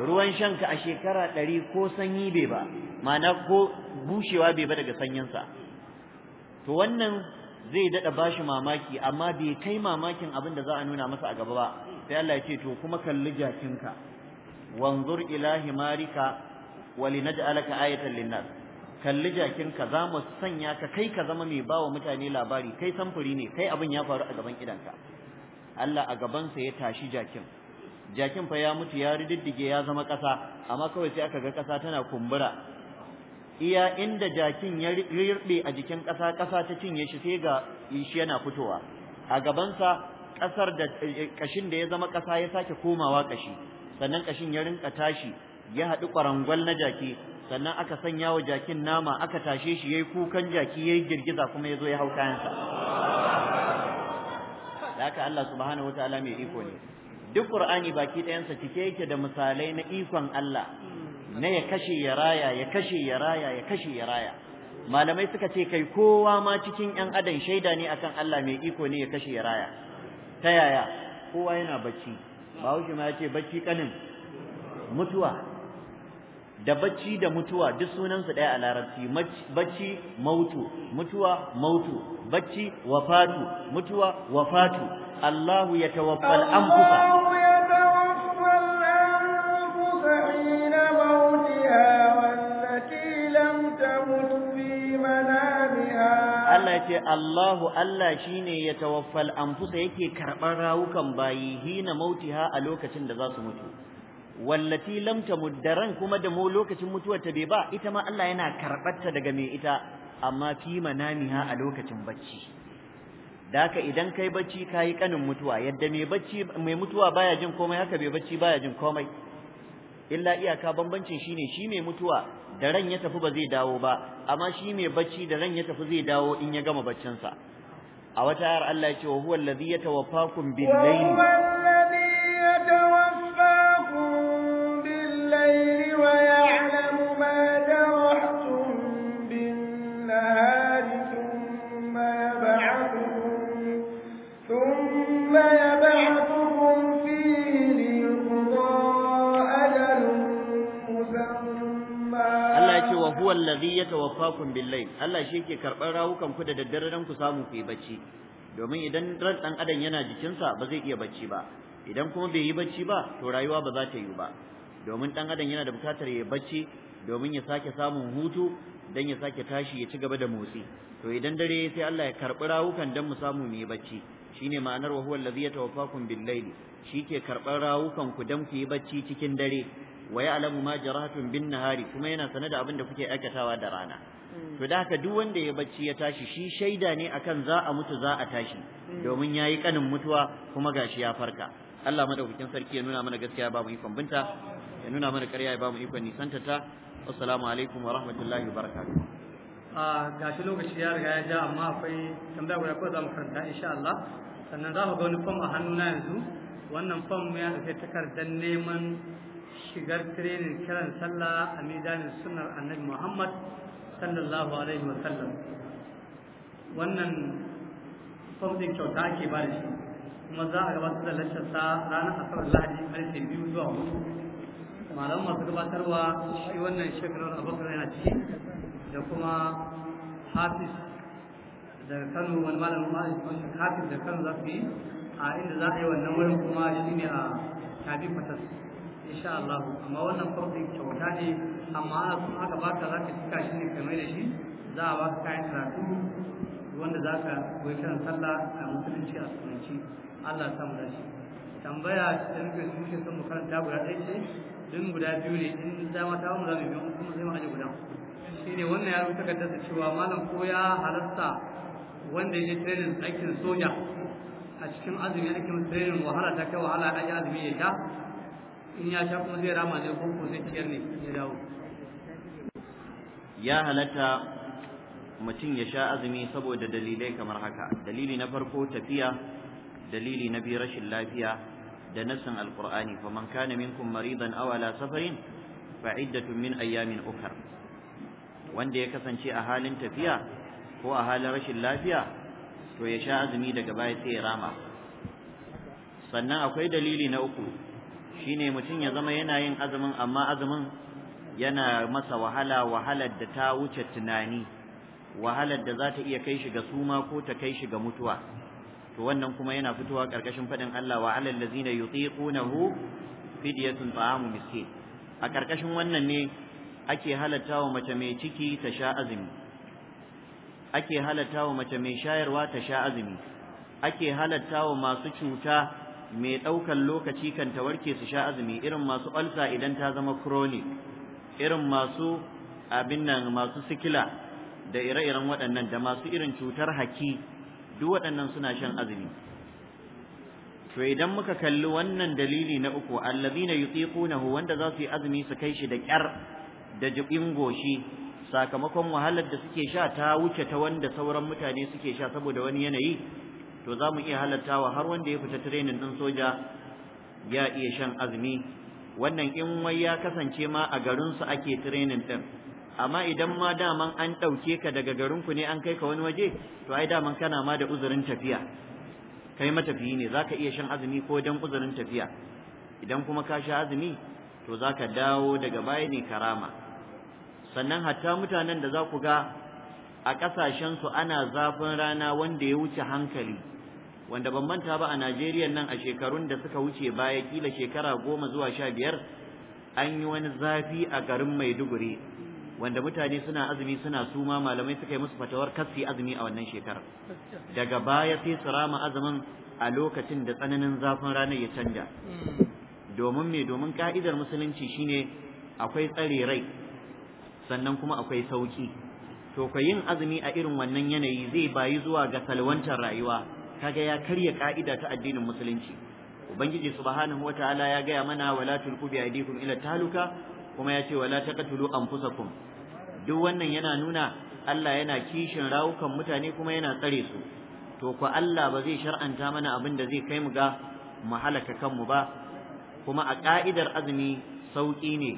ruwan shanka a shekara ɗari ko sanyi bai ba ma'ana ko bushewa bai ba daga sanyinsa to wannan zai daɗa bashi mamaki amma bai kai mamakin abin da za a nuna masa a gaba ba sai Allah ya ce to kuma kalli jakinka wanzur ila himarika walinaj'alaka ayatan linnas kalli jakin ka mu sanya ka kai ka zama mai bawa mutane labari kai samfuri ne kai abin ya faru a gaban idanka Allah a gabansa ya tashi jakin jakin fa ya mutu ya riddige ya zama ƙasa amma kawai sai aka ga ƙasa tana kumbura iya inda jakin ya rirbe a jikin ƙasa ƙasa ta cinye shi sai ga shi yana fitowa a gabansa ƙasar da eh, ƙashin da ya zama ƙasa ya sake komawa ƙashi sannan ƙashin ya rinka tashi ya haɗu kwarangwal na jaki sannan aka sanya wa jakin nama aka tashe shi yayi kukan jaki yayi girgiza kuma ya zo ya hau kayansa da haka Allah subhanahu wataala mai iko ne duk qur'ani baki ɗayansa cike yake da misalai na ikon Allah na ya kashe ya raya ya kashe ya raya ya kashe ya raya malamai suka ce kai kowa ma cikin yan adam shaida ne akan Allah mai iko ne ya kashe ya raya ta yaya kowa yana bacci shi ma ya ce bacci kanin mutuwa da bacci da mutuwa duk sunansu ɗaya a larabci bacci mautu mutuwa mautu bacci wafatu mutuwa wafatu Allahu ya tawaffal anfusa Allah ya ce Allahu Allah shine ya tawaffal anfusa yake karɓar rawukan bayi hina mautiha a lokacin da za su mutu wallati lam tamuddaran kuma da mu lokacin mutuwar ta bai ba ita ma Allah yana karbarta daga mai ita amma fi manamiha a lokacin bacci daka idan kai bacci kayi kanin mutuwa yadda mai bacci mai mutuwa baya jin komai haka bai bacci baya jin komai illa iyaka bambancin shine shi mai mutuwa da ran ya tafi ba zai dawo ba amma shi mai bacci da ran ya tafi zai dawo in ya gama baccin sa a wata yar Allah ya ce wa huwa allazi yatawaffakum bil layli allazi yatawaffakum bil-layl Allah shi yake karɓar rawukan ku da daddare dan ku samu ku yi bacci domin idan ran dan adam yana jikin sa ba zai iya bacci ba idan kuma bai yi bacci ba to rayuwa ba za ta yi ba domin dan adam yana da bukatar ya bacci domin ya sake samun hutu dan ya sake tashi ya ci gaba da motsi to idan dare sai Allah ya karɓi rawukan dan mu samu mu yi bacci shine ma'anar wa huwa allazi yatawaffakum bil-layl shi ke karɓar rawukan ku dan ku yi bacci cikin dare wa ya'lamu ma jarahatun bin nahari kuma yana sane da abin da kuke aikatawa da rana hmm. to da haka duk wanda ya bacci ya tashi shi shaida ne akan za a mutu za a tashi hmm. domin yayi kanin mutuwa kuma gashi ya farka Allah madaukakin sarki ya nuna mana gaskiya ba mu ikon binta ya nuna mana ƙarya ya ba mu ikon nisanta ta assalamu alaikum wa rahmatullahi wa barakatuh a ah, gashi lokaci ya riga ya ja amma akwai tambaya guda ko za mu karanta insha Allah sannan za ku ga wani fom a hannuna yanzu wannan fom ya rufe takardar neman shigar tirenin kiran sallah a mizanin sunar annabi Muhammad sallallahu alaihi wa sallam wannan fomdin kyauta ake ba da shi kuma za a gabatar da lashasa ranar asabar lahadi karfe biyu zuwa hudu Malam masu gabatarwa shi wannan shekarar abokan yana ciki da kuma hafiz daga kano wani malam malamin hafiz da kano za su yi a inda za a yi wannan wurin kuma shi ne a tabi fatas insha Allah amma wannan farko kyauta ne amma sun aka baka zaka cika shi ne kamar da shi za a baka kayan karatu wanda za ka koyi kan sallah a musulunci a sunanci Allah ya samu dace tambaya ta rike zuciya sun mu makaranta guda ɗaya ce din guda biyu ne in dama ta mu zama biyu kuma sai mu aje guda ne wannan ya rubuta tasa cewa malam ko ya halatta wanda ya je training aikin soja a cikin azumi ake masa wahala ta kai wahala a yi azumi ya sha in ya sha kuma zai rama ne ko kuma zai ciyar ne ya dawo ya halatta mutum ya sha azumi saboda dalilai kamar haka dalili na farko tafiya dalili na biyu rashin lafiya da nassin alqur'ani faman kana minkum maridan aw ala safarin fa iddatun min ayamin ukhra wanda ya kasance a halin tafiya ko a halin rashin lafiya to ya sha azumi daga baya sai ya rama sannan akwai dalili na uku shine mutum ya zama yana yin azumin amma azumin yana masa wahala wahalar da ta wuce tunani wahalar da za ta iya kai shi ga suma ko ta kai shi ga mutuwa to wannan kuma yana fitowa karkashin fadin Allah wa alal ladzina yutiqunahu fidyatun ta'amu miskin a karkashin wannan ne ake halatta wa mace mai ciki ta sha azumi ake halatta wa mace mai shayarwa ta sha azumi ake halatta wa masu cuta mai ɗaukan lokaci kan ta warke su sha azumi irin masu ulcer idan ta zama chronic irin masu abin nan masu sikila da ire-iren waɗannan da masu irin cutar haki duk waɗannan suna shan azumi to idan muka kalli wannan dalili na uku allazina yutiqunahu wanda za su yi azumi su kai shi da kyar da jibin goshi sakamakon wahalar da suke sha ta wuce ta wanda sauran mutane suke sha saboda wani yanayi to za mu iya halattawa har wanda ya fita training ɗin soja ya iya shan azumi wannan in wai ya kasance ma a garinsu ake training ɗin amma idan ma daman an ɗauke ka daga garinku ne an kai ka wani waje to ai daman kana ma da uzurin tafiya kai matafiyi ne za ka iya shan azumi ko dan uzurin tafiya idan kuma ka sha azumi to za ka dawo daga baya ne karama sannan hatta mutanen da za ku ga a ƙasashensu ana zafin rana wanda ya wuce hankali wanda ban manta ba a Najeriya nan a shekarun da suka wuce baya kila shekara goma zuwa sha biyar an yi wani zafi a garin Maiduguri wanda mutane suna azumi suna suma malamai suka yi musu fatawar kassi azumi a wannan shekarar daga baya sai su rama azumin a lokacin da tsananin zafin ranar ya canja domin me domin ka'idar musulunci shine akwai tsare rai sannan kuma akwai sauki to ka yin azumi a irin wannan yanayi zai bayi zuwa ga salwantar rayuwa kaga ya karya ka'ida ta addinin musulunci ubangiji subhanahu wataala ya gaya mana wala tulqu bi aydikum ila taluka kuma ya ce wala taqtulu anfusakum duk wannan yana nuna Allah yana kishin rawukan mutane kuma yana tsare su to ko Allah ba zai shar'anta mana abin da zai kai mu ga mu halaka kanmu ba kuma a ka'idar azumi sauki ne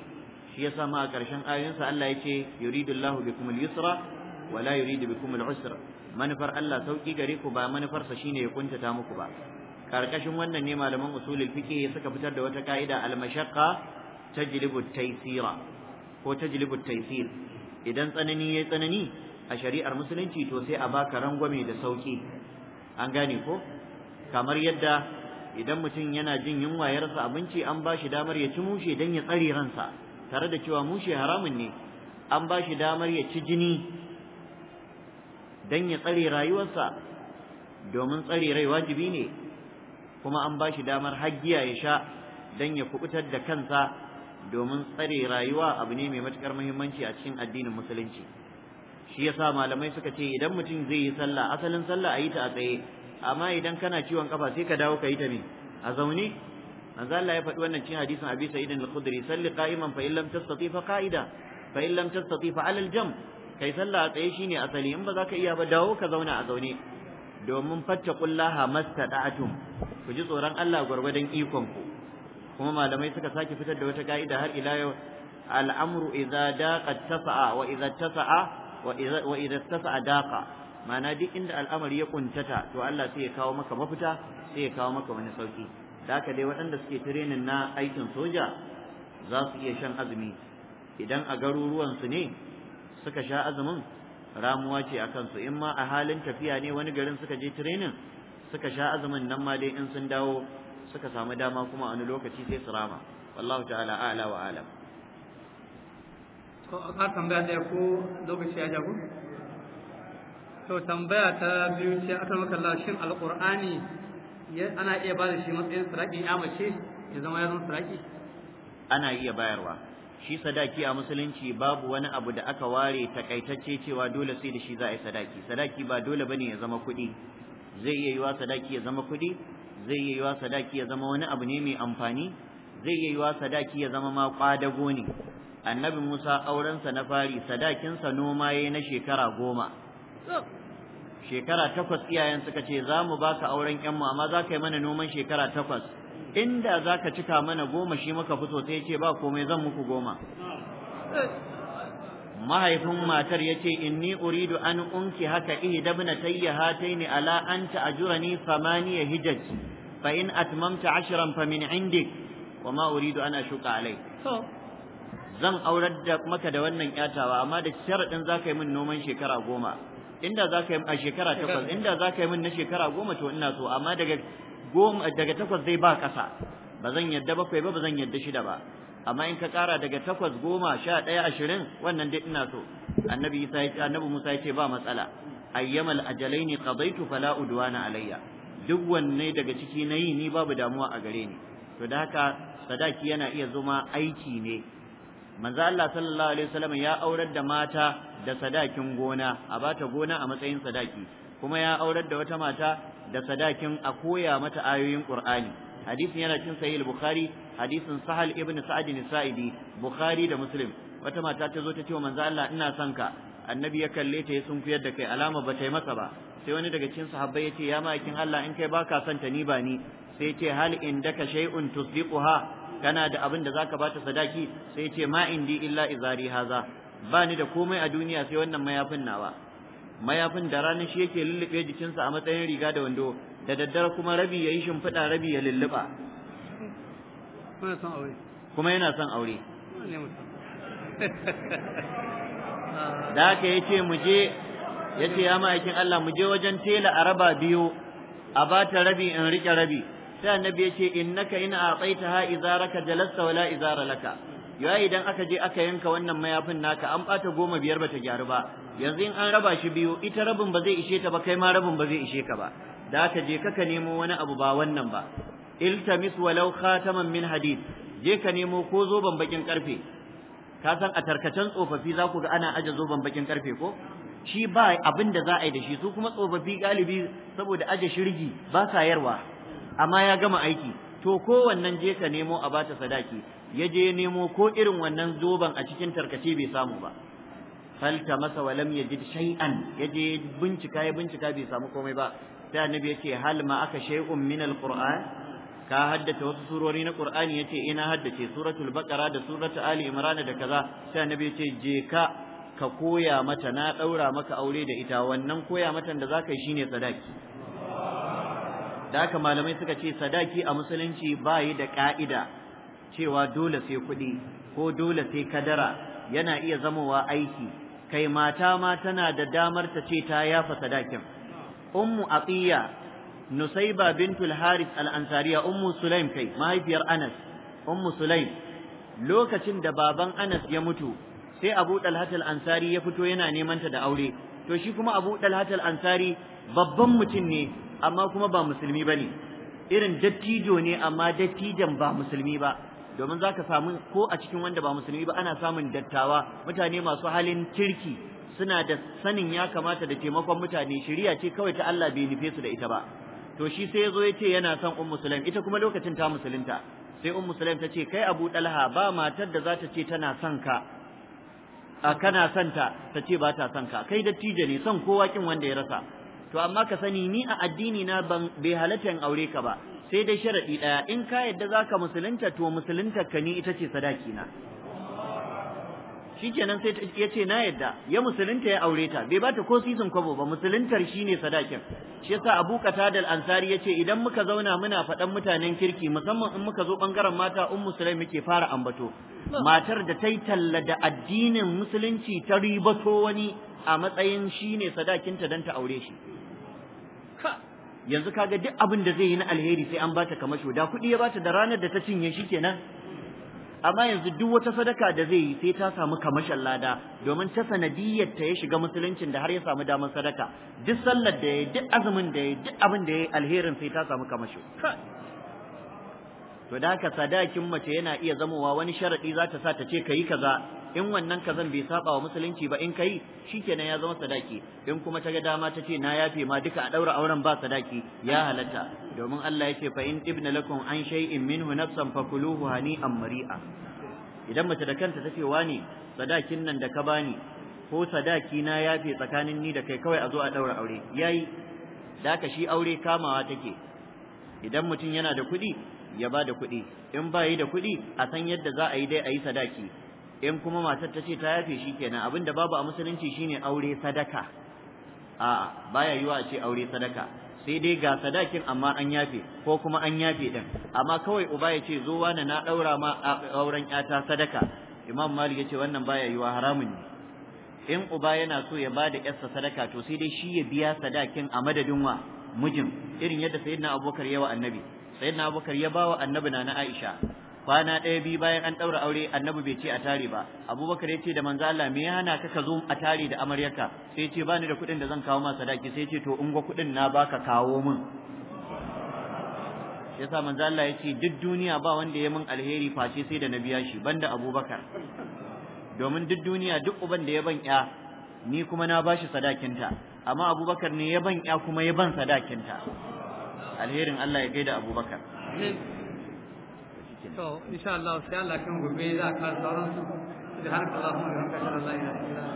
shi yasa ma a ƙarshen ayoyinsa Allah ya ce yuridullahu bikumul yusra wala yuridu bikumul usra manufar Allah sauki gare ku ba manufarsa shine ya kuntata muku ba karkashin wannan ne malaman usulul fiqh suka fitar da wata kaida al mashaqqa tajlibu taysira ko tajlibu taysir idan tsanani yayi tsanani a shari'ar musulunci to sai a baka rangwame da sauki an gane ko kamar yadda idan mutum yana jin yunwa ya rasa abinci an ba shi damar ya ci mushe dan ya tsare ransa tare da cewa mushe haramun ne an ba shi damar ya ci jini dan ya tsare rayuwarsa domin tsare rai wajibi ne kuma an bashi damar haggiya ya sha dan ya kubutar da kansa domin tsare rayuwa abu ne mai matukar muhimmanci a cikin addinin musulunci shi yasa malamai suka ce idan mutum zai yi sallah asalin sallah a yi ta a tsaye amma idan kana ciwon kafa sai ka dawo ka yi ta ne a zaune manzo Allah ya faɗi wannan cikin hadisin Abi Sa'id al-Khudri salli qa'iman fa illam tastati fa qa'ida fa illam tastati fa 'ala al-jamb kai sallah a tsaye shine asali in ba za ka iya ba dawo ka zauna a zaune domin fatta kullaha mastada'atum ku ji tsoron Allah gwargwadon ikon ku kuma malamai suka sake fitar da wata ka'ida har ila yau al'amru idza daqa tafa'a wa idza tafa'a wa idza wa idza tafa'a daqa ma'ana duk inda al'amari ya kuntata to Allah sai ya kawo maka mafita sai ya kawo maka wani sauki da haka dai waɗanda suke tirenin na aikin soja za su iya shan azumi idan a garuruwansu ne suka sha azumin ramuwa ce a kansu in ma a halin tafiya ne wani garin suka je training suka sha azumin nan ma dai in sun dawo suka samu dama kuma wani lokaci sai su rama wallahu ta'ala a'la wa alam to aka tambaya da ko lokaci ya jago to tambaya ta biyu ce aka maka Allah shin alqur'ani ana iya ba da shi matsayin suraki ya mace ya zama yaron suraki ana iya bayarwa shi sadaki a musulunci babu wani abu da aka ware takaitacce cewa dole sai da shi za a yi sadaki sadaki ba dole bane ya zama kuɗi zai iya yiwa sadaki ya zama kuɗi zai iya yiwa sadaki ya zama wani abu ne mai amfani zai iya yiwa sadaki ya zama ma kwadago ne annabi Musa aurensa na fari sadakinsa noma ya na shekara goma shekara takwas iyayen suka ce za mu baka auren ƴanmu amma za ka yi mana noman shekara takwas inda za ka cika mana goma shi muka fito sai ce ba komai zan muku goma mahaifin matar ya ce inni uridu an unki haka ihda ibn tayya hataini ala an ni famaniya hijaj fa in atmamta ashran fa min indik wa ma uridu an shuka alai zan aurar da maka da wannan yatawa amma da sharadin zaka yi min noman shekara goma inda zaka yi a shekara takwas inda zaka yi min na shekara goma to ina so amma daga goma daga takwas zai ba ƙasa ba zan yadda bakwai ba ba zan yadda shida ba amma in ka ƙara daga takwas goma sha ɗaya ashirin wannan dai ina so annabi isa annabi musa ya ce ba matsala ayyamal ajalaini qadaitu fala udwana alayya duk wanne daga ciki na yi ni babu damuwa a gare ni to da haka sadaki yana iya zama aiki ne manzo Allah sallallahu alaihi wasallam ya aurar da mata da sadakin gona a bata gona a matsayin sadaki kuma ya aurar da wata mata da sadakin a koya mata ayoyin Qur'ani hadisin yana cikin sahih al-Bukhari hadisin Sahal ibn Sa'd al-Sa'idi Bukhari da Muslim wata mata ta zo ta ce wa manzo Allah ina son ka annabi ya kalle ta ya sunkuyar da kai alama ba ta yi masa ba sai wani daga cikin sahabbai ya ce ya ma'aikin Allah in kai baka son ta ni ba ni sai ce hal indaka shay'un tusdiquha kana da abin da zaka bata sadaki sai ce ma indi illa izari haza ba ni da komai a duniya sai wannan mayafin nawa mayafin da rana shi yake lullube jikinsa a matsayin riga da wando da daddare kuma rabi ya yi shimfiɗa rabi ya lulluba kuma yana son aure [laughs] da haka yace ce mu je ya ce ya Allah mu je wajen tela a raba biyu a ba ta rabi in riƙe rabi sai annabi ya ce innaka in a'taitaha idza raka jalasta wala idza laka ya idan aka je aka yanka wannan mayafin naka an bata goma biyar bata gyaru ba yanzu in an raba shi biyu ita rabin ba zai ishe ta ba kai ma rabin ba zai ishe ka ba da ka je kaka nemo wani abu ba wannan ba iltamis walau khataman min hadid je ka nemo ko zoban bakin karfe ka san a tarkacen tsofaffi za ku ga ana aje zoban bakin karfe ko shi ba abin da za a yi da shi su kuma tsofaffi galibi saboda aje shirgi ba sa amma ya gama aiki to kowannan je ka nemo a bata sadaki ya je nemo ko irin wannan zoban a cikin tarkace bai samu ba falta masa lam yajid shay'an ya je bincika ya bincika bai samu komai ba sai annabi ya ce hal ma aka shay'un min alquran ka haddace wasu surori na Qur'ani yace ina eh, haddace suratul Baqara da suratul Ali Imran da kaza sai annabi yace je ka ka koya mata na daura maka aure da ita wannan koya mata da zaka yi shine sadaki da haka malamai suka ce sadaki a musulunci bayi da ka'ida cewa dole sai kuɗi ko dole sai kadara yana iya zamowa aiki kai mata ma tana da damar ta ce ta yafa sadakin ummu aqiya nusaiba bintul harith al-ansariya ummu sulaim kai mahaifiyar anas ummu sulaim lokacin da baban anas ya mutu sai abu dalhat ansari ya fito yana neman ta da aure to shi kuma abu dalhat ansari babban mutum ne amma kuma ba musulmi bane irin dattijo ne amma dattijan ba musulmi ba domin za ka samu ko a cikin wanda ba musulmi ba ana samun dattawa mutane masu halin kirki suna da sanin ya kamata da taimakon mutane shirya ce kawai ta Allah bai nufe su da ita ba to shi sai ya zo ya ce yana son ummu sulaim ita kuma lokacin ta musulunta sai ummu sulaim ta ce kai abu dalha ba matar da za ta ce tana son ka a kana son ta ta ce ba ta son ka kai dattijo ne son kowa kin wanda ya rasa to amma ka sani ni a addini na ban bai halatta in aure ka ba sai dai sharadi daya in ka yadda zaka musulunta to musulunta ka ni ita ce sadaki na shikenan sai ya ce na yadda ya musulunta ya aure ta bai bata ko sisin kwabo ba musuluntar shine sadakin shi yasa Abu Qatada al-Ansari ce, idan muka zauna muna faɗan mutanen kirki musamman in muka zo bangaren mata ummu Sulaim muke fara ambato matar da ta yi talla da addinin musulunci ta ribato wani a matsayin shine sadakinta don ta aure shi yanzu kaga duk abin da zai yi na alheri sai an bata kamasho da kuɗi ya bata da ranar da ta cinye shi kenan amma yanzu duk wata sadaka da zai yi sai ta samu kamashin lada domin ta sanadiyyar ta ya shiga musuluncin da har ya samu damar sadaka duk sallar da ya duk azumin da ya duk abin da ya alherin sai ta samu kamasho to da haka sadakin mace yana iya zamowa wani sharaɗi za ta sa ta ce kayi kaza in wannan kazan bai saba wa musulunci ba in kai shikenan ya zama sadaki in kuma ta ga dama ta ce na yafe ma duka a ɗaura auren ba sadaki ya halatta domin Allah ya ce fa in ibna lakum an shay'in minhu nafsan fakuluhu an mari'a idan mace da kanta ta ce wani sadakin nan da ka bani ko sadaki na yafe tsakanin ni da kai kawai a zo a daura aure yayi da ka shi aure kamawa take idan mutum yana da kuɗi ya ba da kuɗi in ba yi da kuɗi a san yadda za a yi dai a yi sadaki in kuma matar ta ce ta yafe shi kenan abinda babu a musulunci shine aure sadaka a'a baya yiwa a ce aure sadaka sai dai ga sadakin amma an yafe ko kuma an yafe din amma kawai uba ya ce zo wani na daura ma auren yata sadaka imam malik ya ce wannan baya yiwa haramun ne in uba yana so ya bada yarsa sadaka to sai dai shi ya biya sadakin a madadin wa mijin irin yadda sayyidina abubakar ya wa annabi sayyidina abubakar ya bawa annabi na na aisha kwana ɗaya biyu bayan an ɗaura aure annabi bai ce a tare ba abubakar ya ce da manzo Allah me yana hana ka ka zo a tare da amaryarka sai ce bani da kuɗin da zan kawo ma sadaki sai ce to in ga kuɗin na baka kawo min yasa manzo Allah ya ce duk duniya ba wanda ya min alheri face sai da na biya shi banda abubakar domin duk duniya duk uban da ya ban ya ni kuma na bashi sadakinta amma abubakar ne ya ban ya kuma ya ban sadakinta alherin Allah ya da abubakar تو ان شاء اللہ اس چار علاقے میں گھومے گا کار سور کا چاہیے جائے گا